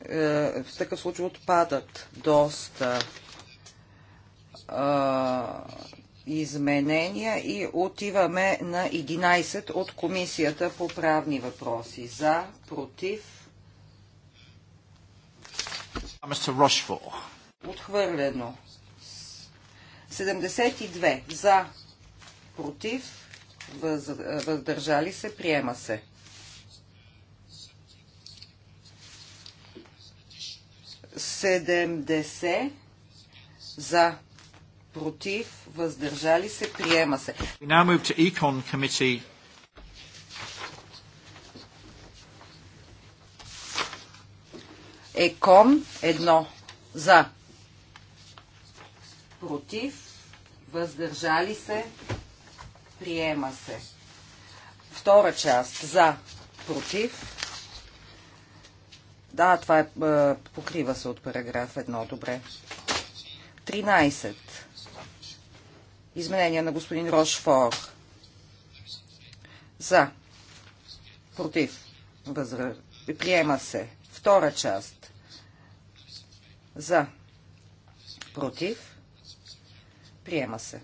C: е, в такъв случай отпадат доста изменения и отиваме на 11 от Комисията по правни въпроси. За,
A: против.
C: Отхвърлено. 72. За, против, въздържали се, приема се. Седемдесе за против, въздържали се, приема се. Екон едно за против, въздържали се, приема се. Втора част за, против. Да, това е, е покрива се от параграф 1, добре. 13. Изменение на господин Рошфор. За. Против. Възра... Приема се. Втора част. За. Против. Приема се.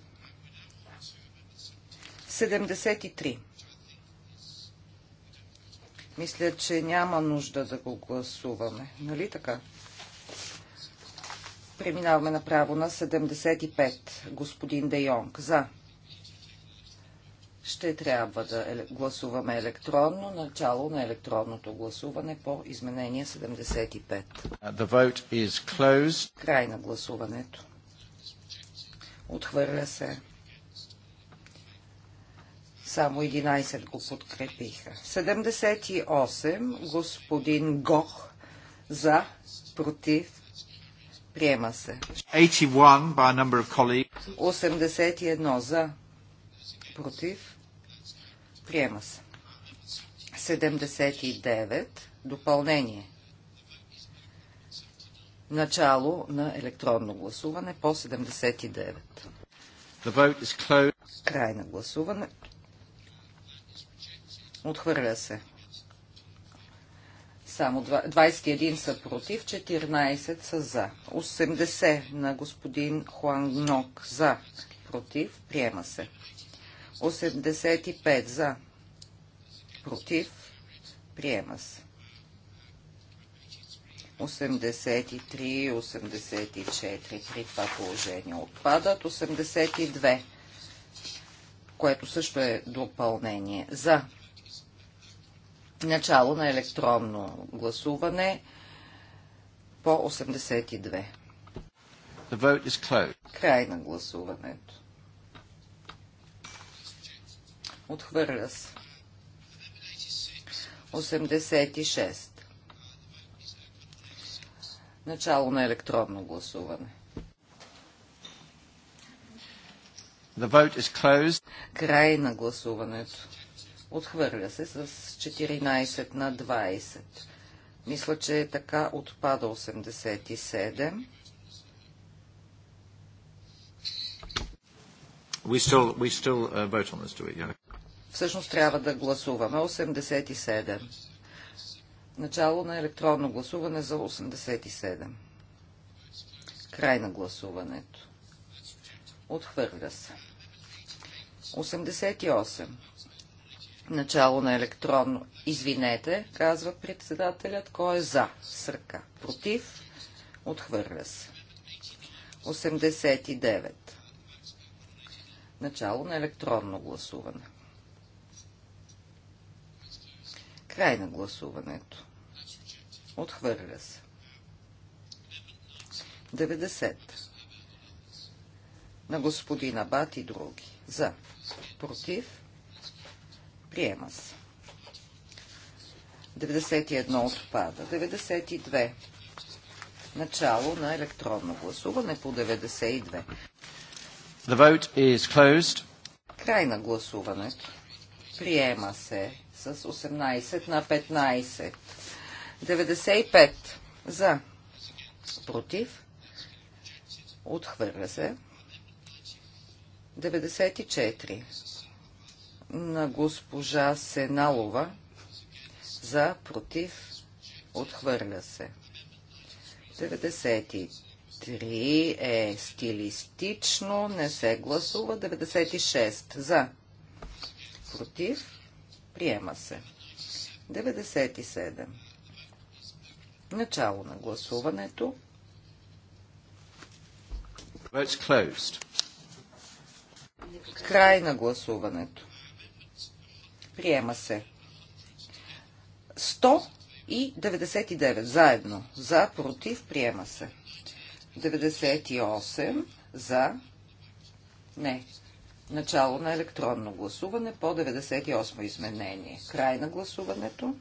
C: 73. Мисля, че няма нужда да го гласуваме. Нали така? Преминаваме направо на 75. Господин Де Йонг. За. Ще трябва да гласуваме електронно. Начало на електронното гласуване по изменение 75. Uh,
A: the vote is closed. Край на
C: гласуването. Отхвърля се. Само 11 го подкрепиха. 78 господин Гох за, против, приема се. 81 за, против, приема се. 79 допълнение. Начало на електронно гласуване по 79.
A: Край на гласуване.
C: Отхвърля се. Само 21 са против, 14 са за. 80 на господин Хуан Нок за. Против. Приема се. 85 за. Против. Приема се. 83, 84 при това положение отпадат. 82, което също е допълнение. За начало на електронно гласуване по 82.
A: The vote is closed.
C: Край на гласуването. Отхвърля се. 86. Начало на електронно гласуване.
A: The vote is closed.
C: Край на гласуването. Отхвърля се с 14 на 20. Мисля, че е така отпада 87.
A: We still, we still, uh, vote on this, do we? Yeah.
C: Всъщност трябва да гласуваме 87. Начало на електронно гласуване за 87. Край на гласуването. Отхвърля се. 88 начало на електронно. Извинете, казва председателят, кой е за с ръка. Против, отхвърля се. 89. Начало на електронно гласуване. Край на гласуването. Отхвърля се. 90. На господина Бат и други. За. Против. Приема се. 91 отпада. 92. Начало на електронно гласуване по 92.
A: The vote is closed. Край на гласуването.
C: Приема се с 18 на 15. 95 за. Против. Отхвърля се. 94 на госпожа Сеналова за против отхвърля се. 93 е стилистично, не се гласува. 96 за против приема се. 97 Начало на гласуването. Край на гласуването. Приема се. 100 и 99 заедно. За, против, приема се. 98 за. Не. Начало на електронно гласуване по 98 изменение. Край на гласуването.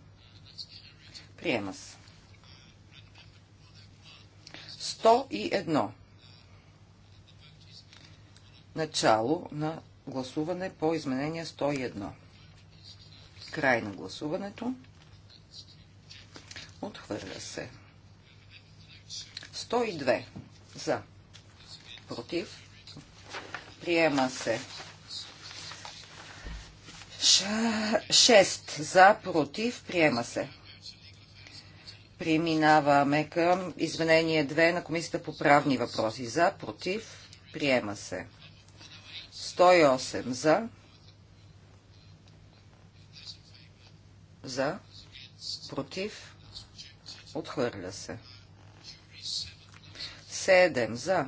C: Приема се. 101. Начало на гласуване по изменение 101. Край на гласуването. Отхвърля се. 102 за. Против. Приема се. 6 за. Против. Приема се. Преминаваме към изменение 2 на Комисията по правни въпроси. За. Против. Приема се. 108 за. за, против, отхвърля се. Седем за,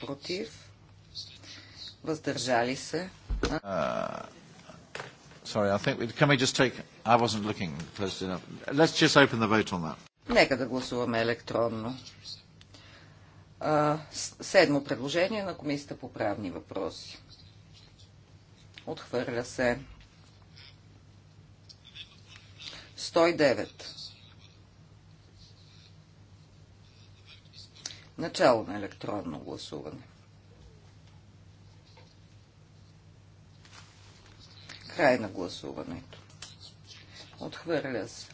C: против, въздържали се.
A: sorry, I think we, can we just take, I wasn't looking close enough. Let's just open the vote on that.
C: Нека да гласуваме електронно. седмо предложение на Комисията по правни въпроси. Отхвърля се. 109. Начало на електронно гласуване. Край на гласуването. Отхвърля се.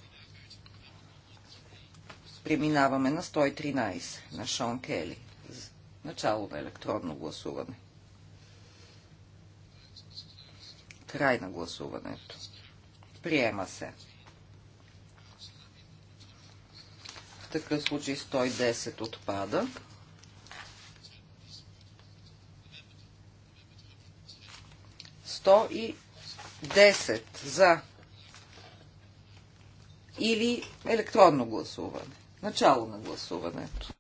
C: Преминаваме на 113 на Шон Кели. Начало на електронно гласуване. Край на гласуването. Приема се. такъв случай 110 отпада. и 10 за или електронно гласуване. Начало на гласуването.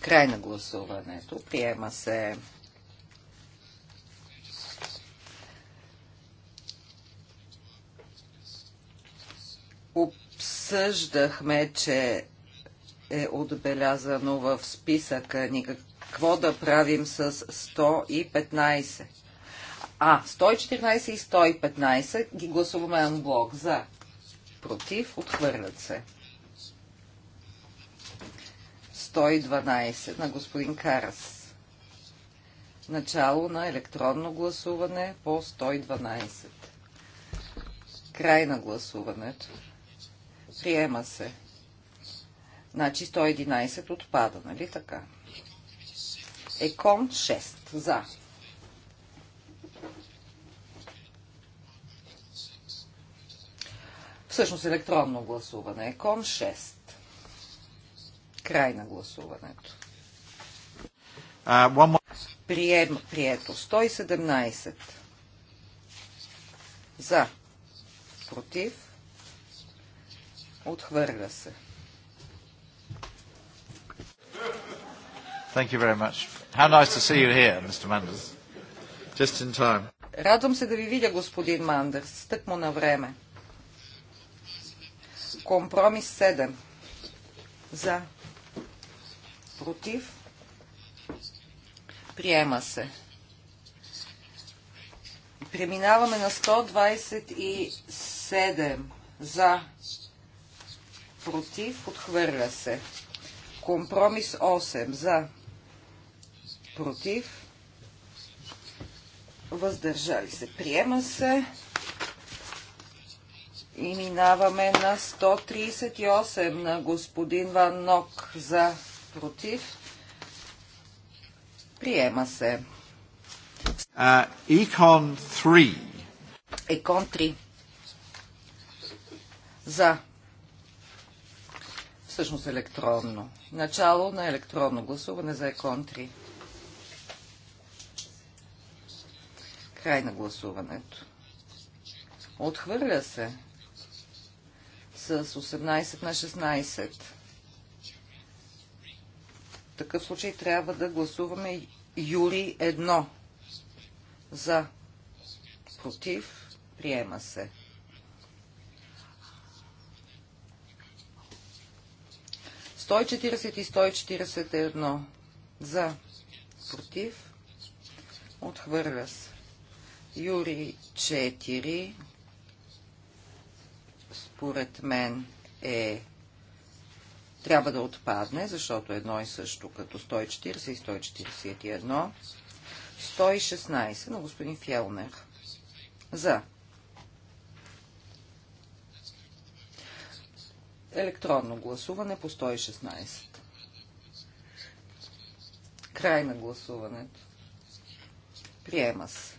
C: Край на гласуването. Приема се обсъждахме, че е отбелязано в списъка ни какво да правим с 115. А, 114 и 115 ги гласуваме на блок за. Против, отхвърлят се. 112 на господин Карас. Начало на електронно гласуване по 112. Край на гласуването. Приема се. Значи 111 отпада, нали така? Екон 6. За. Всъщност електронно гласуване. Екон 6. Край на гласуването. Прием, прието. 117. За. Против. Отхвърля се.
A: Thank you very much. How nice to see you here, Mr. Manders. Just in time.
C: Радвам се да ви видя, господин Мандърс. Стък му на време. Компромис 7. За. Против. Приема се. Преминаваме на 127. За против, отхвърля се. Компромис 8 за, против, въздържали се. Приема се и минаваме на 138 на господин Ван Нок за, против,
A: приема се. Uh, 3.
C: Икон 3. За, всъщност електронно. Начало на електронно гласуване за Екон 3. Край на гласуването. Отхвърля се с 18 на 16. В такъв случай трябва да гласуваме Юри 1. За. Против. Приема се. 140 и 141 за, против, отхвърля се. Юри 4 според мен е трябва да отпадне, защото едно и също като 140 и 141. 116 на господин Фелнер. За. Електронно гласуване по 116. Край на гласуването. Приема се.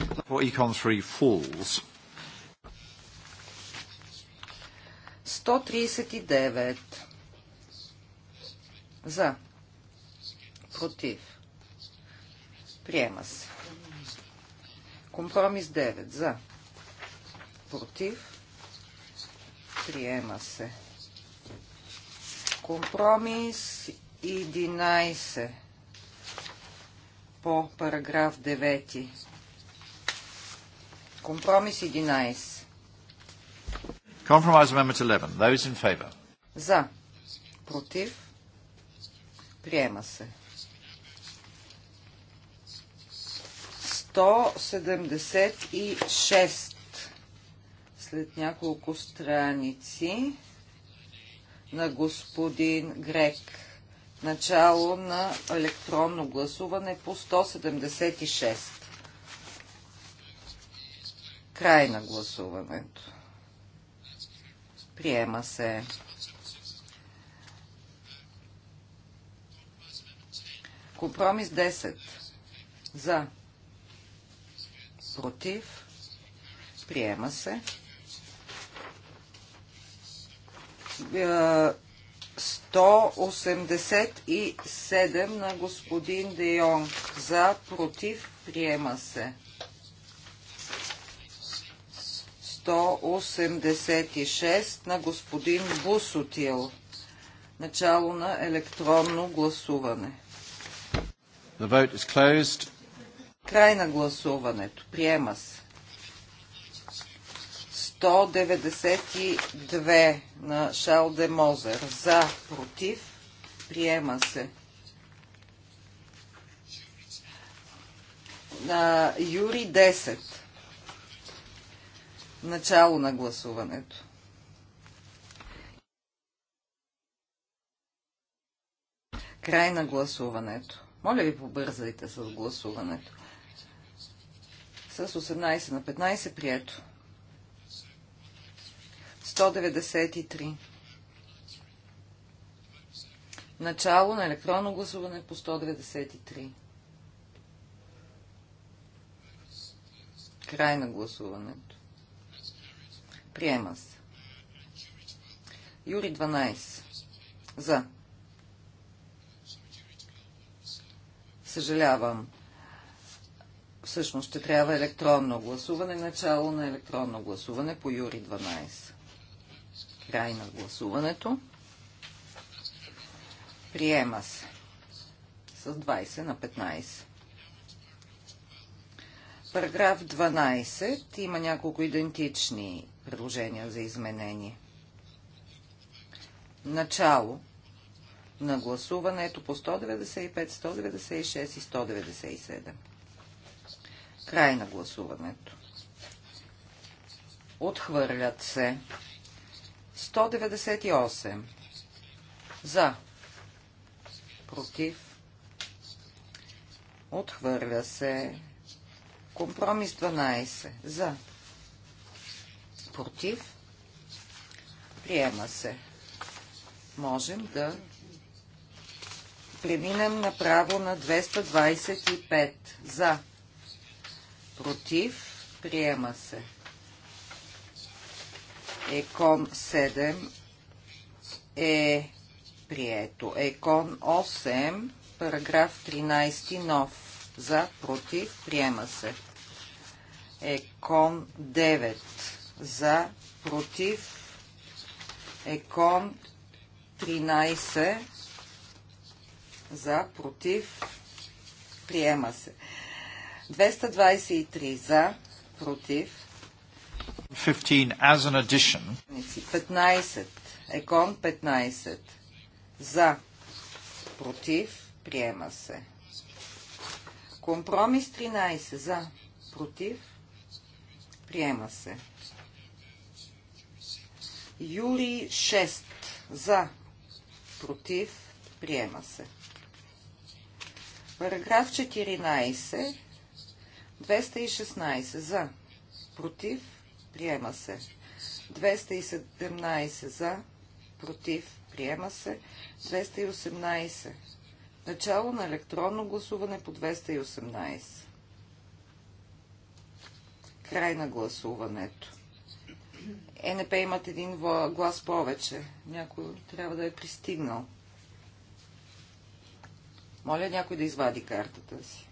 A: For Econ 3 falls.
C: 139. За. Против. Приема се. Компромис 9. За. Против. Приема се. Компромис 11 по параграф 9. Компромис 11.
A: Compromise Amendment 11. Those in favor.
C: За. Против. Приема се. 176 след няколко страници на господин Грек. Начало на електронно гласуване по 176. Край на гласуването. Приема се. Компромис 10. За. Против. Приема се. 187 на господин Де Йонг. За, против, приема се. 186 на господин Бусотил. Начало на електронно гласуване. Край на гласуването. Приема се. 192 на Шал де Мозер. За, против, приема се. На Юри 10. Начало на гласуването. Край на гласуването. Моля ви, побързайте с гласуването. С 18 на 15 прието. 193. Начало на електронно гласуване по 193. Край на гласуването. Приема се. Юри 12. За. Съжалявам. Всъщност ще трябва електронно гласуване. Начало на електронно гласуване по Юри 12. Край на гласуването. Приема се с 20 на 15. Параграф 12 има няколко идентични предложения за изменение. Начало на гласуването по 195, 196 и 197. Край на гласуването. Отхвърлят се. 198. За. Против. Отхвърля се. Компромис 12. За. Против. Приема се. Можем да преминем направо на 225. За. Против. Приема се. ЕКОН 7 е прието. ЕКОН 8, параграф 13, нов. За, против, приема се. ЕКОН 9, за, против, ЕКОН 13, за, против, приема се. 223 за, против,
A: 15 as an addition.
C: 15. Екон 15. За. Против. Приема се. Компромис 13. За. Против. Приема се. Юли 6. За. Против. Приема се. Параграф 14. 216. За. Против приема се. 217 за, против, приема се. 218. Начало на електронно гласуване по 218. Край на гласуването. ЕНП имат един глас повече. Някой трябва да е пристигнал. Моля някой да извади картата си.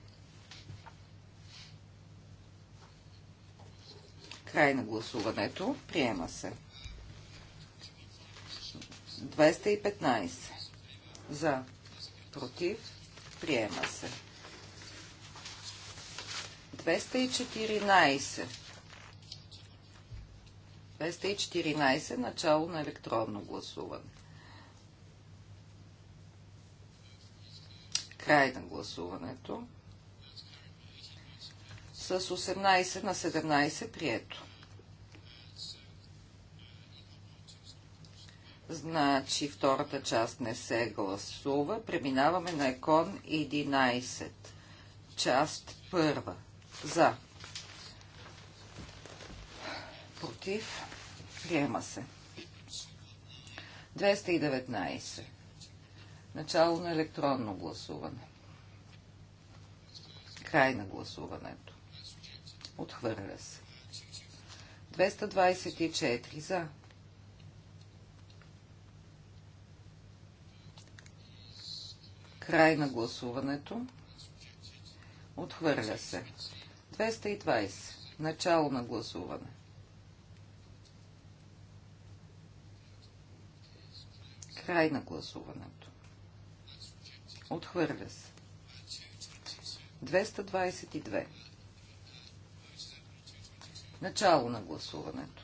C: Край на гласуването. Приема се. 215. За. Против. Приема се. 214. 214. Начало на електронно гласуване. Край на гласуването. С 18 на 17 прието. Значи втората част не се гласува. Преминаваме на Екон 11. Част първа. За. Против. Приема се. 219. Начало на електронно гласуване. Край на гласуването. Отхвърля се. 224 за. Край на гласуването. Отхвърля се. 220. Начало на гласуване. Край на гласуването. Отхвърля се. 222. Начало на гласуването.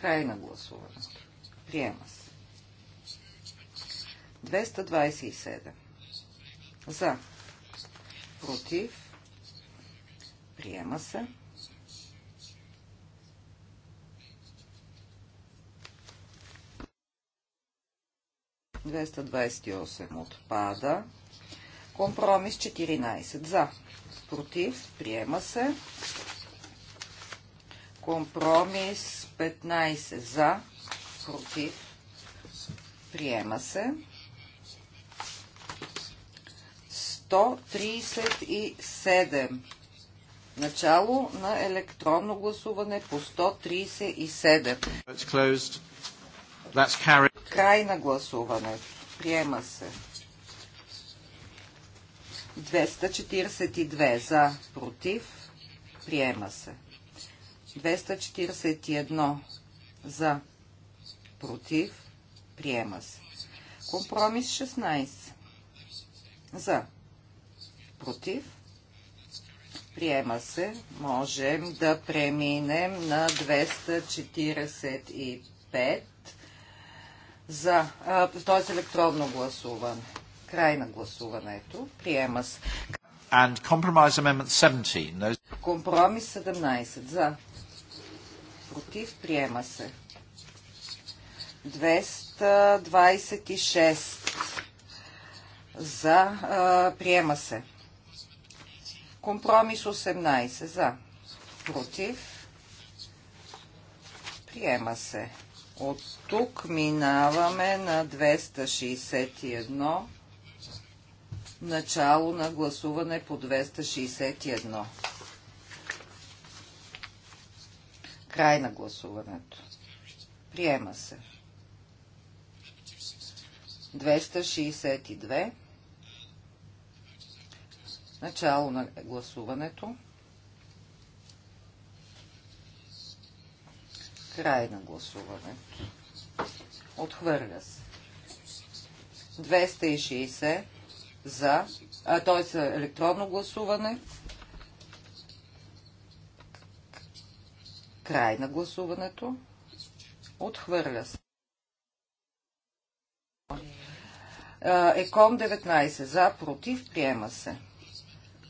C: Край на гласуването. Приема се. 227. За. Против. Приема се. Двеста отпада. Компромис 14. За. Против. Приема се. Компромис 15. За против, приема се. 137. Начало на електронно гласуване по
A: 137.
C: Край на гласуване. Приема се. 242 за, против, приема се. 241 за, против, приема се. Компромис 16 за, против, приема се. Можем да преминем на 245 за, т.е. електронно гласуване. Край на гласуването. Приема се.
A: And compromise amendment 17.
C: Компромис 17. За. Против. Приема се. 226 за. А, приема се. Компромис 18 за. Против. Приема се. От тук минаваме на 261. Начало на гласуване по 261. Край на гласуването. Приема се. 262. Начало на гласуването. Край на гласуването. Отхвърля се. 260 за, а т.е. електронно гласуване. Край на гласуването. Отхвърля се. Еком 19 за, против, приема се.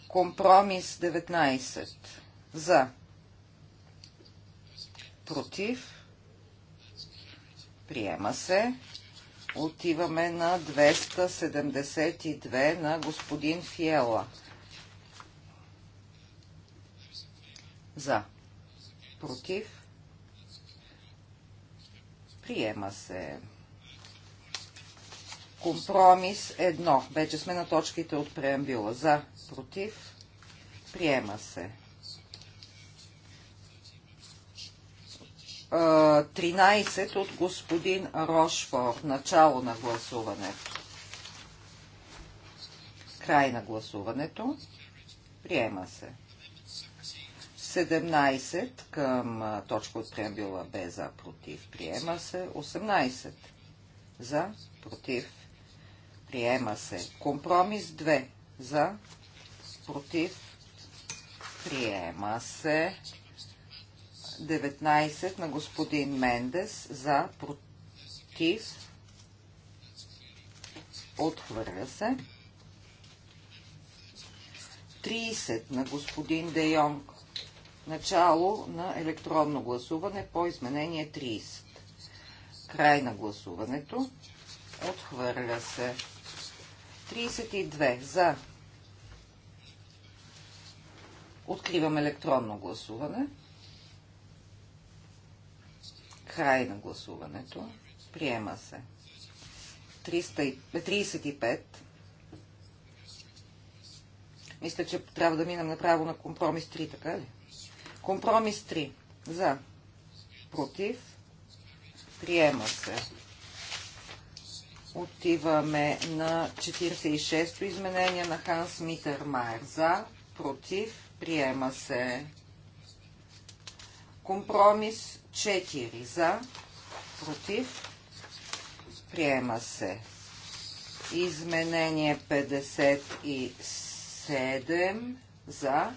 C: Компромис 19 за, против, приема се. Отиваме на 272 на господин Фиела. За. Против. Приема се. Компромис 1. Вече сме на точките от преамбюла. За, против, приема се. 13 от господин Рошфор. Начало на гласуването. Край на гласуването. Приема се. 17 към точка от преамбила Б за против. Приема се. 18 за против. Приема се. Компромис 2. За. Против. Приема се. 19 на господин Мендес. За. Против. Отхвърля се. 30 на господин Де Йонг. Начало на електронно гласуване по изменение 30. Край на гласуването. Отхвърля се. 32 за. Откривам електронно гласуване. Край на гласуването. Приема се. 35. Е, Мисля, че трябва да минем направо на компромис 3, така ли? Компромис 3. За. Против. Приема се. Отиваме на 46-то изменение на Ханс Митермайер. За, против, приема се. Компромис 4 за, против, приема се. Изменение 57 за,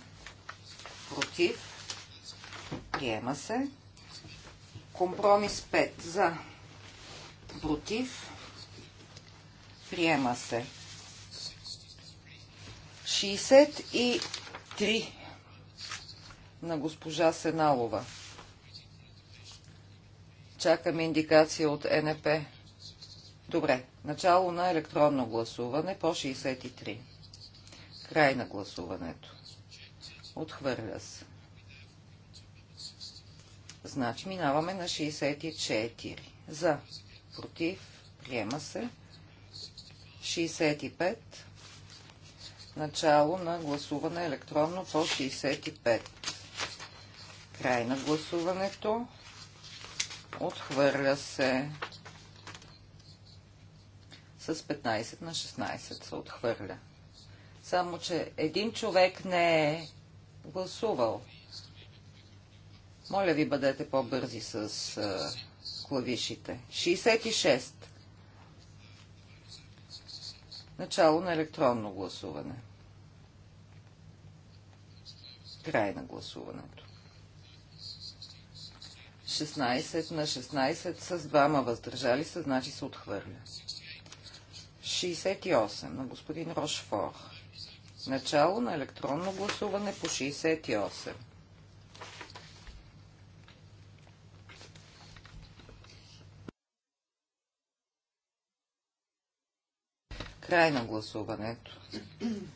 C: против, приема се. Компромис 5 за, против, Приема се. 63 на госпожа Сеналова. Чакам индикация от НП. Добре. Начало на електронно гласуване по 63. Край на гласуването. Отхвърля се. Значи минаваме на 64. За. Против. Приема се. 65. Начало на гласуване електронно по 65. Край на гласуването. Отхвърля се с 15 на 16 се отхвърля. Само, че един човек не е гласувал. моля ви, бъдете по-бързи с а, клавишите. 66. Начало на електронно гласуване. Край на гласуването. 16 на 16 с двама въздържали се, значи се отхвърля. 68 на господин Рошфор. Начало на електронно гласуване по 68. Край на гласуването.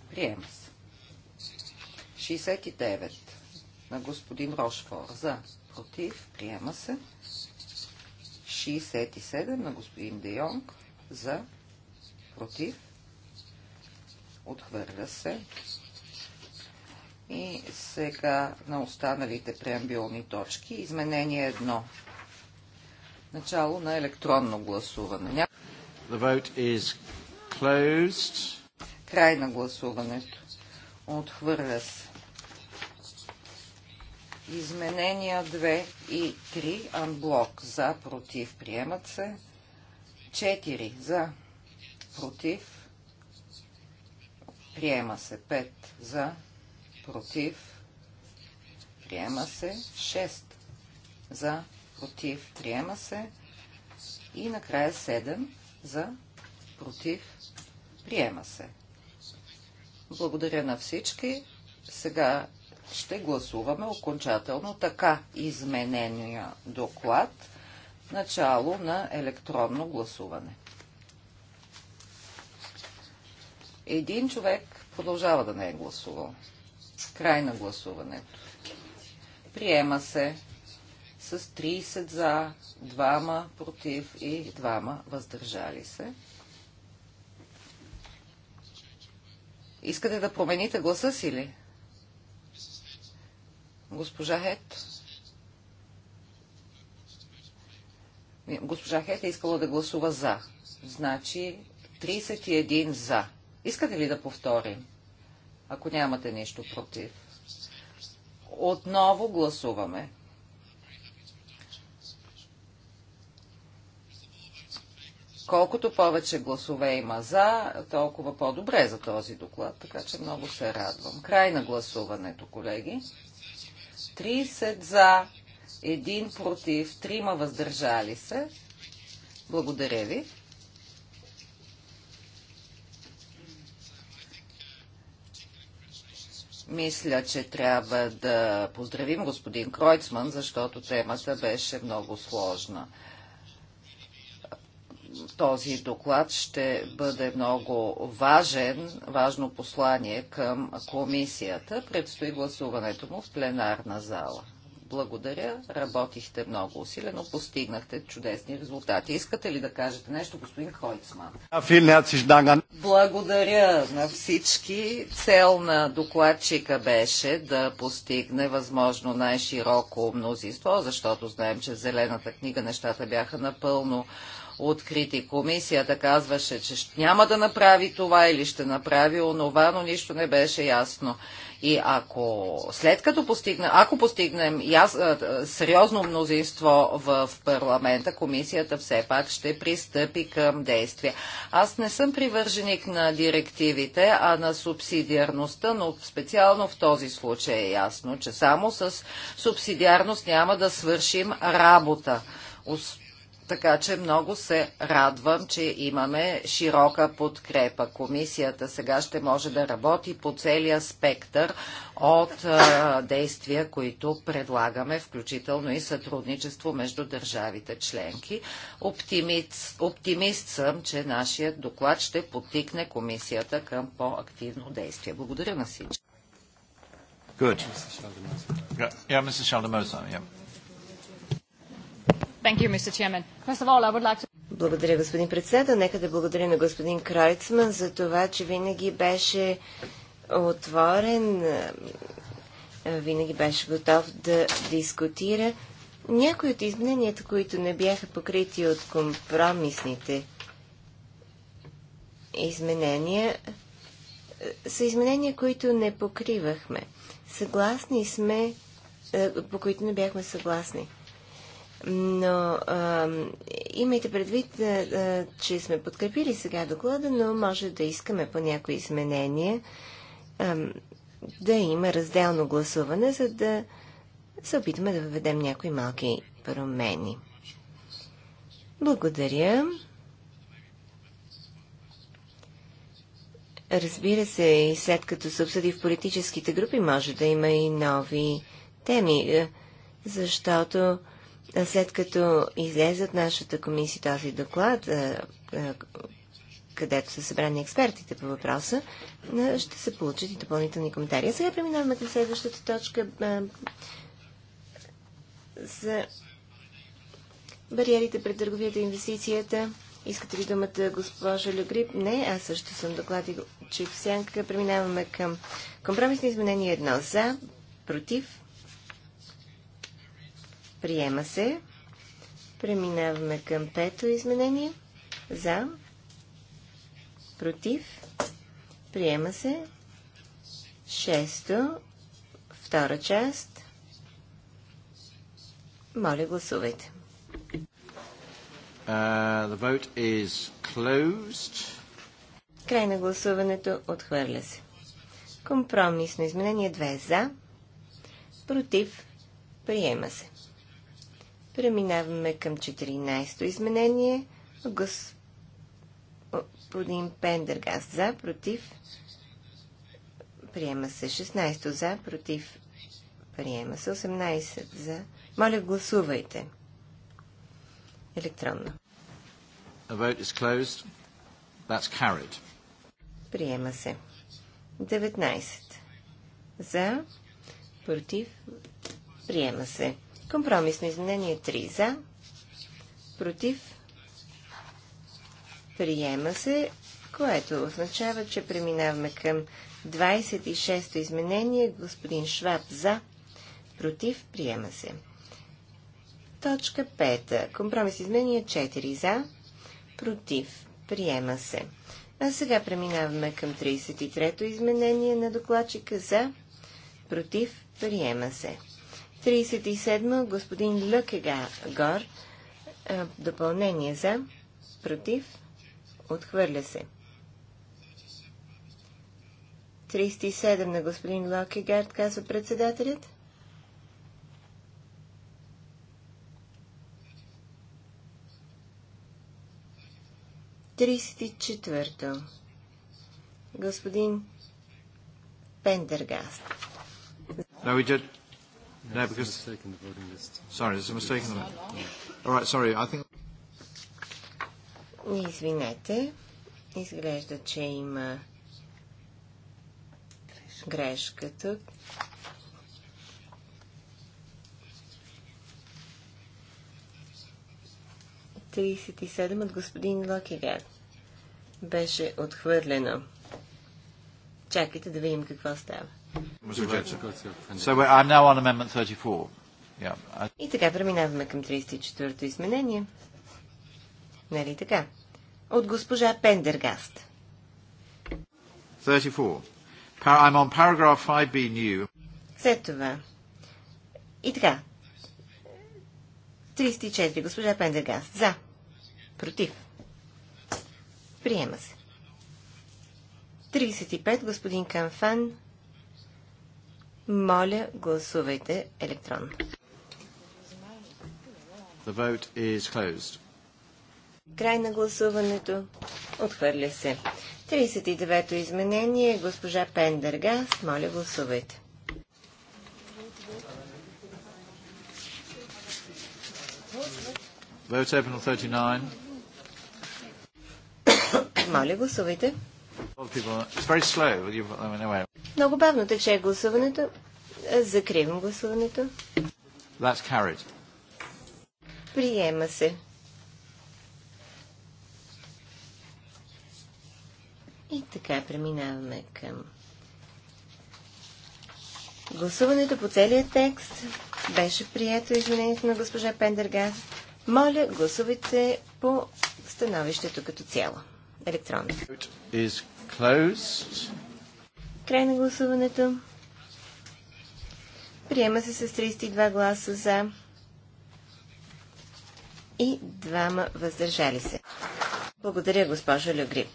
C: Приема се. 69 на господин Рошфор. За. Против. Приема се. 67 на господин Де Йонг. За. Против. Отхвърля се. И сега на останалите преамбилни точки. Изменение 1. Начало на електронно гласуване. The vote is Край на гласуването. Отхвърля се. Изменения 2 и 3 анблок за, против, приемат се. 4 за, против, приема се. 5 за, против, приема се. 6 за, против, приема се. И накрая 7 за, против, приема се. Благодаря на всички. Сега ще гласуваме окончателно така изменения доклад начало на електронно гласуване. Един човек продължава да не е гласувал. Край на гласуването. Приема се с 30 за, 2 против и 2 въздържали се. Искате да промените гласа си ли? Госпожа Хет. Госпожа Хет е искала да гласува за. Значи 31 за. Искате ли да повторим? Ако нямате нищо против. Отново гласуваме. Колкото повече гласове има за, толкова по-добре за този доклад, така че много се радвам. Край на гласуването, колеги. 30 за, 1 против, 3 въздържали се. Благодаря ви. Мисля, че трябва да поздравим господин Кройцман, защото темата беше много сложна този доклад ще бъде много важен, важно послание към комисията. Предстои гласуването му в пленарна зала. Благодаря, работихте много усилено, постигнахте чудесни резултати. Искате ли да кажете нещо, господин
A: Хойцман?
C: Благодаря на всички. Цел на докладчика беше да постигне възможно най-широко мнозинство, защото знаем, че в Зелената книга нещата бяха напълно открити. Комисията казваше, че няма да направи това или ще направи онова, но нищо не беше ясно. И ако след като постигна, ако постигнем яс, сериозно мнозинство в парламента, комисията все пак ще пристъпи към действия. Аз не съм привърженик на директивите, а на субсидиарността, но специално в този случай е ясно, че само с субсидиарност няма да свършим работа така че много се радвам, че имаме широка подкрепа. Комисията сега ще може да работи по целия спектър от а, действия, които предлагаме, включително и сътрудничество между държавите членки. Оптимист, оптимист съм, че нашият доклад ще потикне комисията към по-активно действие. Благодаря на всички.
A: Good. Yeah, Mr. Mrs. yeah.
D: You, all, like to... Благодаря, господин председател. Нека да благодаря на господин Кройцман за това, че винаги беше отворен, винаги беше готов да дискутира. Някои от измененията, които не бяха покрити от компромисните изменения, са изменения, които не покривахме. Съгласни сме, по които не бяхме съгласни. Но а, имайте предвид, а, а, че сме подкрепили сега доклада, но може да искаме по някои изменения а, да има разделно гласуване, за да се опитаме да въведем някои малки промени. Благодаря. Разбира се, и след като се обсъди в политическите групи, може да има и нови теми, защото след като излезе от нашата комисия този доклад, където са събрани експертите по въпроса, ще се получат и допълнителни коментари. А сега преминаваме към следващата точка за бариерите пред търговията и инвестицията. Искате ли думата госпожа Легрип? Не, аз също съм докладил в сянка. Преминаваме към компромисни изменения, едно за, против, Приема се. Преминаваме към пето изменение. За. Против. Приема се. Шесто. Втора част. Моля, гласувайте.
A: Uh, the vote is closed.
D: Край на гласуването отхвърля се. Компромисно изменение 2 за, против, приема се. Преминаваме към 14-то изменение. Господин Пендергаст за, против. Приема се 16-то за, против. Приема се 18 за. Моля, гласувайте. Електронно.
A: vote is closed. That's carried.
D: Приема се. 19. За. Против. Приема се. Компромисно изменение 3 за, против, приема се, което означава, че преминаваме към 26-то изменение. Господин Шваб за, против, приема се. Точка 5. Компромис изменение 4 за, против, приема се. А сега преминаваме към 33-то изменение на докладчика за, против, приема се. 37. Господин Лъкега Гор. Допълнение за. Против. Отхвърля се. 37 на господин Локегард, казва председателят. Тридесет четвърто. Господин Пендергаст.
A: Now we did No, because... A Mistake in the voting list. Sorry, there's a mistake in the voting All right, sorry, I think...
D: Извинете, изглежда, че има грешка тук. Тридесет и седем от господин Локигар беше отхвърлено. Чакайте да видим какво става. И така преминаваме към 34-то изменение. Нали така? От госпожа Пендергаст.
A: 34. I'm on paragraph 5b new.
D: След това. И така. 34. Госпожа Пендергаст. За. Против. Приема се. 35. Господин Камфан. Моля, гласувайте електронно.
A: The vote is closed.
D: Край на гласуването. Отхвърля се. 39-то изменение. Госпожа Пендергас, моля гласувайте.
A: Vote open on
D: 39. моля гласувайте. Много бавно тече гласуването. Е, закривам гласуването. Приема се. И така преминаваме към гласуването по целия текст. Беше прието изменението на госпожа Пендергас. Моля, гласувайте по становището като цяло електронно. Край на гласуването. Приема се с 32 гласа за и двама въздържали се. Благодаря, госпожо Люгрип.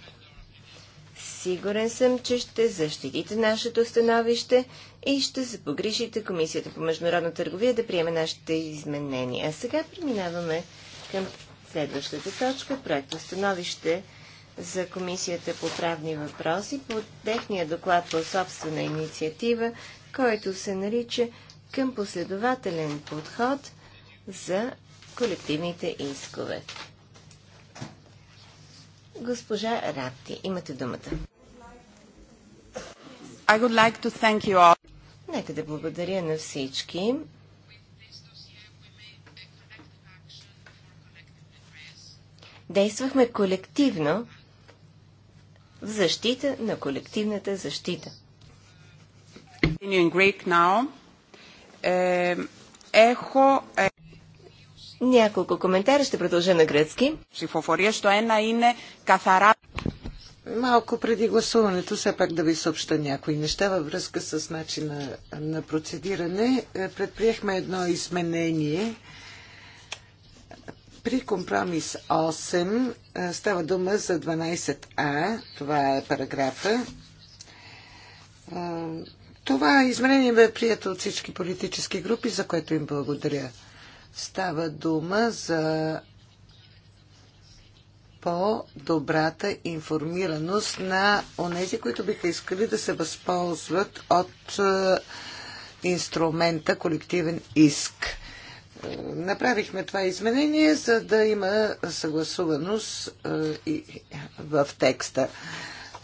D: Сигурен съм, че ще защитите нашето становище и ще се погрижите Комисията по международна търговия да приеме нашите изменения. А сега преминаваме към следващата точка, Проекта становище за Комисията по правни въпроси по техния доклад по собствена инициатива, който се нарича към последователен подход за колективните искове. Госпожа Рапти, имате думата. I would like to thank you all. Нека да благодаря на всички. Действахме колективно в защита на колективната защита. Е, е- Няколко коментара ще продължа на гръцки.
B: Малко преди гласуването, все пак да ви съобща някои неща във връзка с начина на процедиране. Е, предприехме едно изменение при компромис 8 става дума за 12а. Това е параграфа. Това изменение бе прието от всички политически групи, за което им благодаря. Става дума за по-добрата информираност на онези, които биха искали да се възползват от инструмента колективен иск направихме това изменение, за да има съгласуваност е, в текста.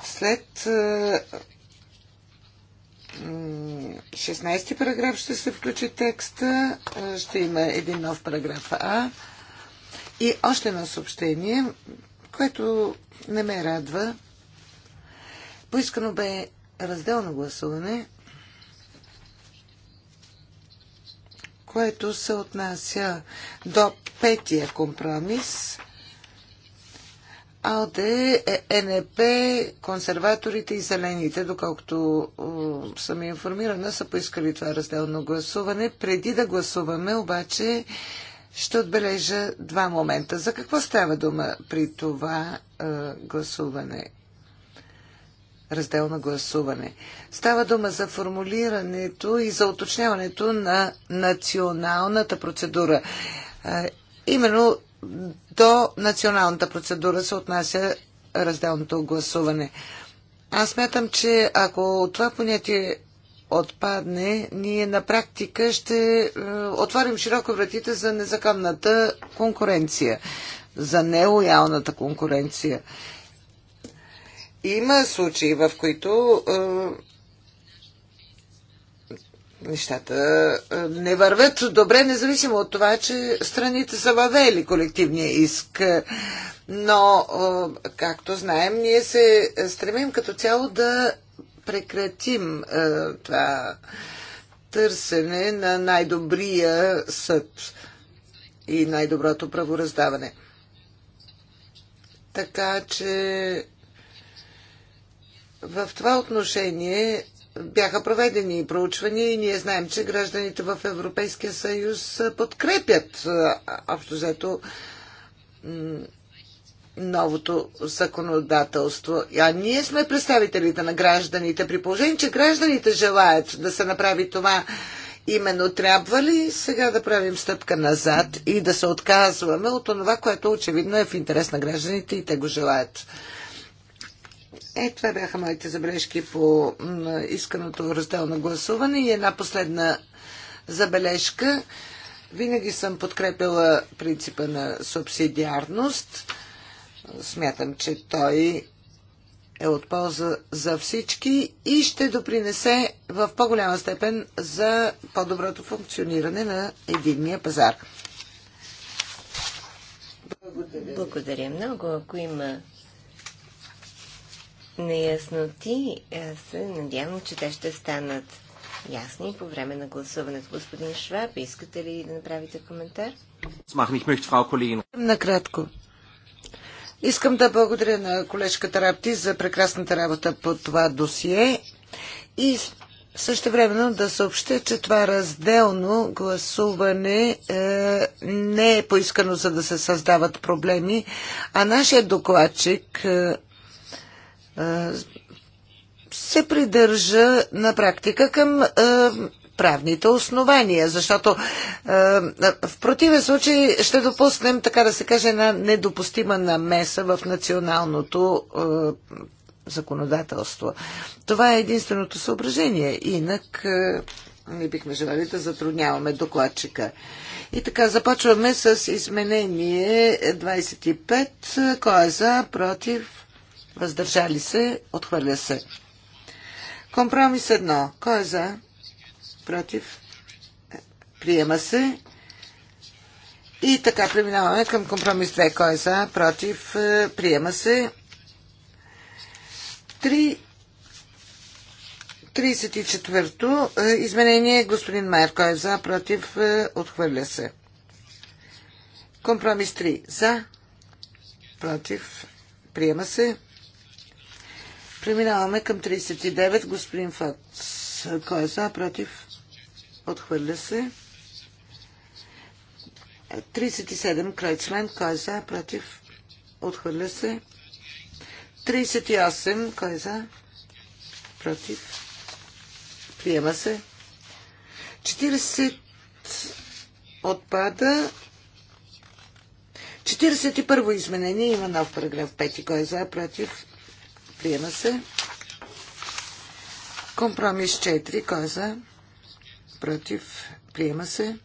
B: След 16 е, параграф ще се включи текста, е, ще има един нов параграф А и още едно съобщение, което не ме радва. Поискано бе разделно гласуване което се отнася до петия компромис. АЛДЕ, е, ЕНП, е консерваторите и зелените, доколкото съм информирана, са поискали това разделно гласуване. Преди да гласуваме, обаче, ще отбележа два момента. За какво става дума при това е, гласуване? разделно гласуване. Става дума за формулирането и за уточняването на националната процедура. Именно до националната процедура се отнася разделното гласуване. Аз мятам, че ако това понятие отпадне, ние на практика ще е, отворим широко вратите за незаконната конкуренция, за нелоялната конкуренция. Има случаи, в които нещата не вървят добре, независимо от това, че страните са въвели колективния иск. Но, както знаем, ние се стремим като цяло да прекратим това търсене на най-добрия съд и най-доброто правораздаване. Така че в това отношение бяха проведени проучвания и ние знаем, че гражданите в Европейския съюз подкрепят общо взето новото законодателство. А ние сме представителите на гражданите. При положение, че гражданите желаят да се направи това именно, трябва ли сега да правим стъпка назад и да се отказваме от това, което очевидно е в интерес на гражданите и те го желаят? Е, това бяха моите забележки по исканото разделно гласуване и една последна забележка. Винаги съм подкрепила принципа на субсидиарност. Смятам, че той е от полза за всички и ще допринесе в по-голяма степен за по-доброто функциониране на единния пазар.
D: Благодаря. Благодаря много. Ако има неясноти се надявам, че те ще станат ясни по време на гласуването. Господин Шваб, искате ли да направите коментар?
B: Накратко.
D: Искам да благодаря на колежката
B: Рапти за прекрасната работа по това досие и също времено да съобщя, че това разделно гласуване е, не е поискано за да се създават проблеми, а нашия докладчик е, се придържа на практика към правните основания, защото в противен случай ще допуснем, така да се каже, една недопустима намеса в националното законодателство. Това е единственото съображение. Инак не бихме желали да затрудняваме докладчика. И така, започваме с изменение 25. Кой е за, против, въздържали се, отхвърля се. Компромис 1. Кой е за? Против? Приема се. И така преминаваме към компромис 2. Кой е за? Против? Е, приема се. 3. 34-то е, изменение. Господин Майер, кой е за? Против? Е, отхвърля се. Компромис 3. За? Против? Приема се. Преминаваме към 39. Господин Фац. Кой е за? Против? Отхвърля се. 37. Крайцмен. Кой е за? Против? Отхвърля се. 38. Кой е за? Против? Приема се. 40 отпада. 41 изменение има нов параграф 5. Кой е за? Против? Приема се. Компромис 4. Кой е за? Против. Приема се.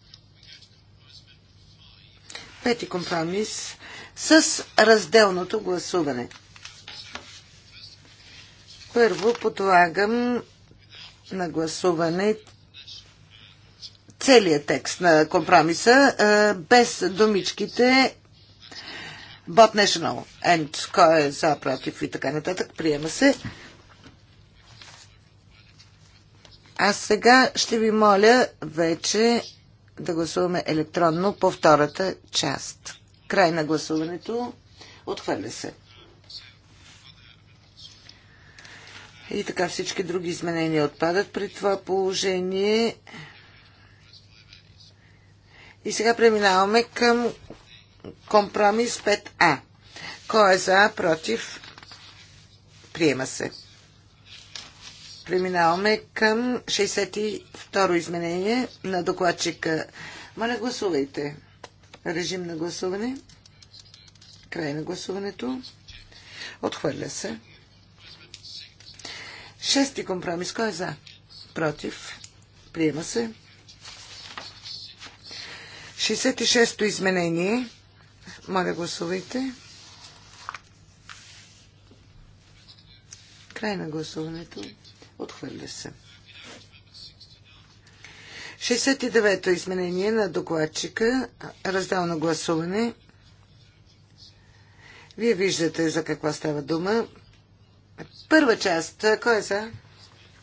B: Пети компромис с разделното гласуване. Първо подлагам на гласуване целият текст на компромиса, без думичките but National and кой е за, против и така нататък. Приема се. А сега ще ви моля вече да гласуваме електронно по втората част. Край на гласуването. Отхвърля се. И така всички други изменения отпадат при това положение. И сега преминаваме към Компромис 5А. Кой е за, против, приема се. Преминаваме към 62-ро изменение на докладчика. Моля, гласувайте. Режим на гласуване. Край на гласуването. Отхвърля се. Шести компромис. Кой е за? Против. Приема се. 66-то изменение моля, гласувайте. Край на гласуването. Отхвърля се. 69-то изменение на докладчика. Разделно гласуване. Вие виждате за каква става дума. Първа част. Кой е за?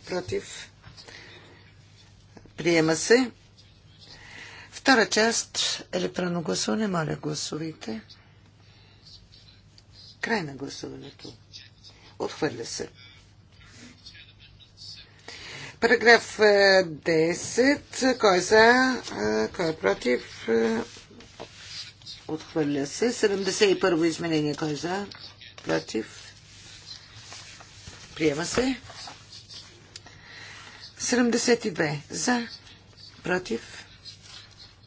B: Против. Приема се. Втора част електронно гласуване. Моля, гласувайте. Край на гласуването. Отхвърля се. Параграф 10. Е, кой е за? Е, кой е против? Е, отхвърля се. 71 изменение. Кой е за? Против? Приема се. 72. За? Против?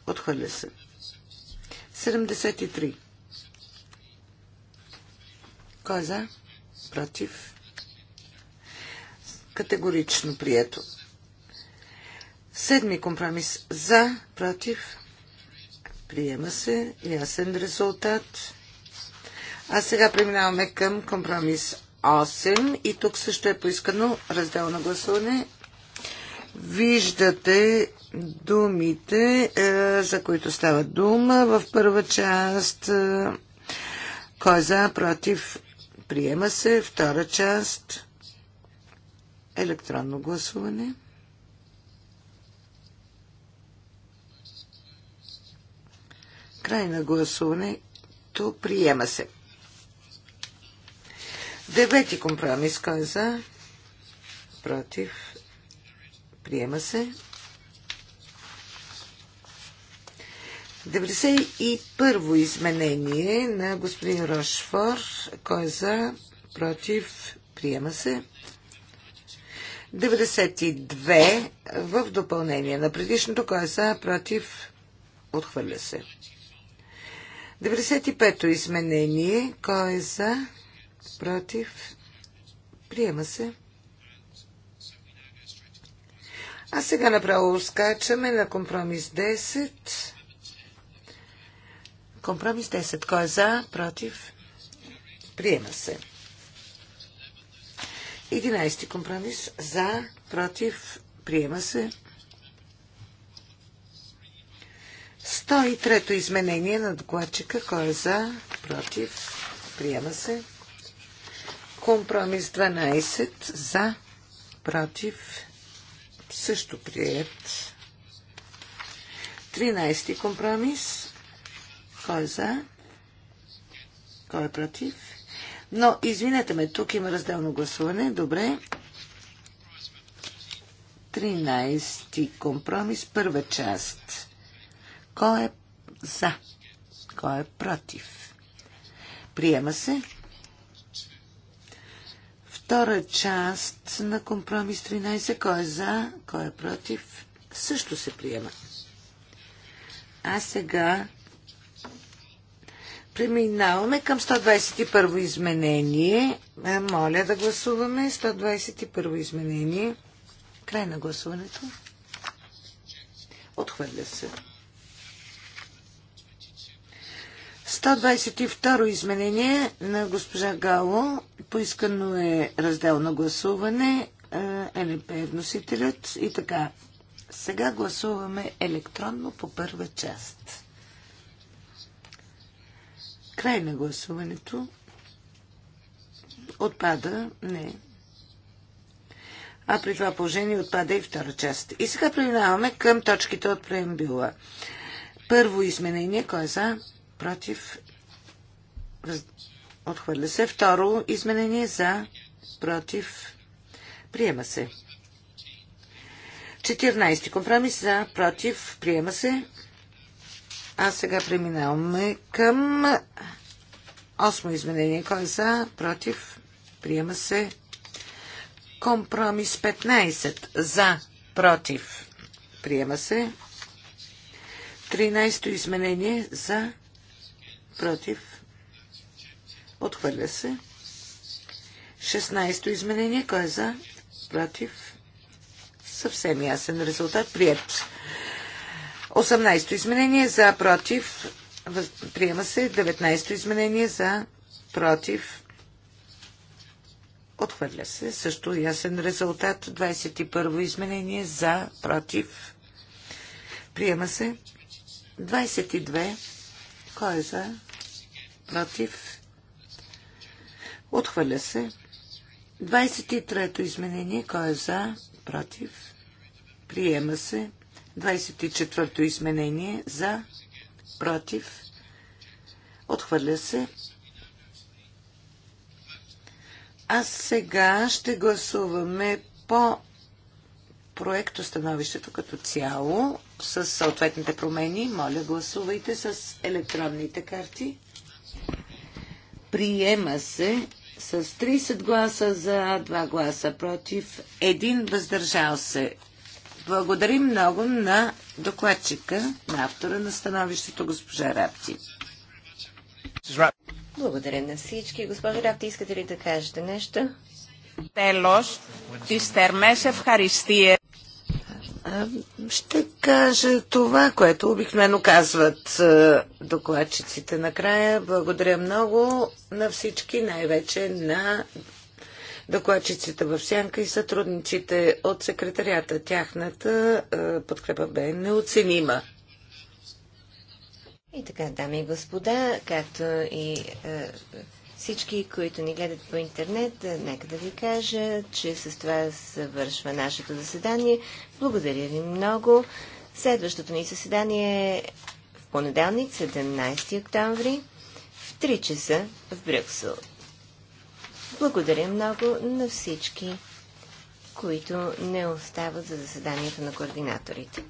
B: Отхвърля се. 73. Кой е за? Против. Категорично прието. Седми компромис. За, против. Приема се. Ясен резултат. А сега преминаваме към компромис 8 и тук също е поискано разделно гласуване виждате думите, е, за които става дума в първа част. Е, кой е за, против, приема се. Втора част. Електронно гласуване. Край на гласуването приема се. Девети компромис. Кой за? Против. Приема се. 91-во изменение на господин Рошфор. Кой е за? Против? Приема се. 92 в допълнение на предишното. Кой е за? Против? Отхвърля се. 95-то изменение. Кой е за? Против? Приема се. А сега направо скачаме на компромис 10. Компромис 10. Кой е за? Против? Приема се. 11 компромис. За? Против? Приема се. 103-то изменение на докладчика. Кой е за? Против? Приема се. Компромис 12. За? Против? също прият. 13 компромис. Кой е за? Кой е против? Но, извинете ме, тук има разделно гласуване. Добре. 13 компромис, първа част. Кой е за? Кой е против? Приема се. Втора част на компромис 13. Кой е за, кой е против, също се приема. А сега преминаваме към 121 изменение. Моля да гласуваме 121 изменение. Край на гласуването. Отхвърля се. 122 изменение на госпожа Гало. Поискано е разделно гласуване. Е, НП е вносителят и така. Сега гласуваме електронно по първа част. Край на гласуването. Отпада. Не. А при това положение отпада и втора част. И сега преминаваме към точките от преембила. Първо изменение. Кой е за? против, отхвърля се. Второ изменение за, против, приема се. 14. Компромис за, против, приема се. А сега преминаваме към осмо изменение. Кой е за, против, приема се. Компромис 15. За, против, приема се. 13. Изменение за, против, отхвърля се. 16-то изменение, кой е за, против, съвсем ясен резултат, прият. 18-то изменение за, против, приема се. 19-то изменение за, против, отхвърля се. Също ясен резултат. 21-во изменение за, против, приема се. 22. Кой е за? против, отхвърля се. 23-то изменение, кой е за, против, приема се. 24-то изменение, за, против, отхвърля се. А сега ще гласуваме по проекто становището като цяло с съответните промени. Моля, гласувайте с електронните карти. Приема се с 30 гласа за, 2 гласа против, 1 въздържал се. Благодарим много на докладчика, на автора на становището, госпожа Рапти.
D: Благодаря на всички. Госпожа Рапти, искате ли да кажете нещо? Телос, τις в ευχαριστίες
B: ще кажа това, което обикновено казват докладчиците накрая. Благодаря много на всички, най-вече на докладчиците в Сянка и сътрудниците от секретарията. Тяхната подкрепа бе неоценима.
D: И така, дами и господа, както и е, всички, които ни гледат по интернет, е, нека да ви кажа, че с това завършва нашето заседание. Благодаря ви много. Следващото ни заседание е в понеделник, 17 октомври, в 3 часа в Брюксел. Благодаря много на всички, които не остават за заседанието на координаторите.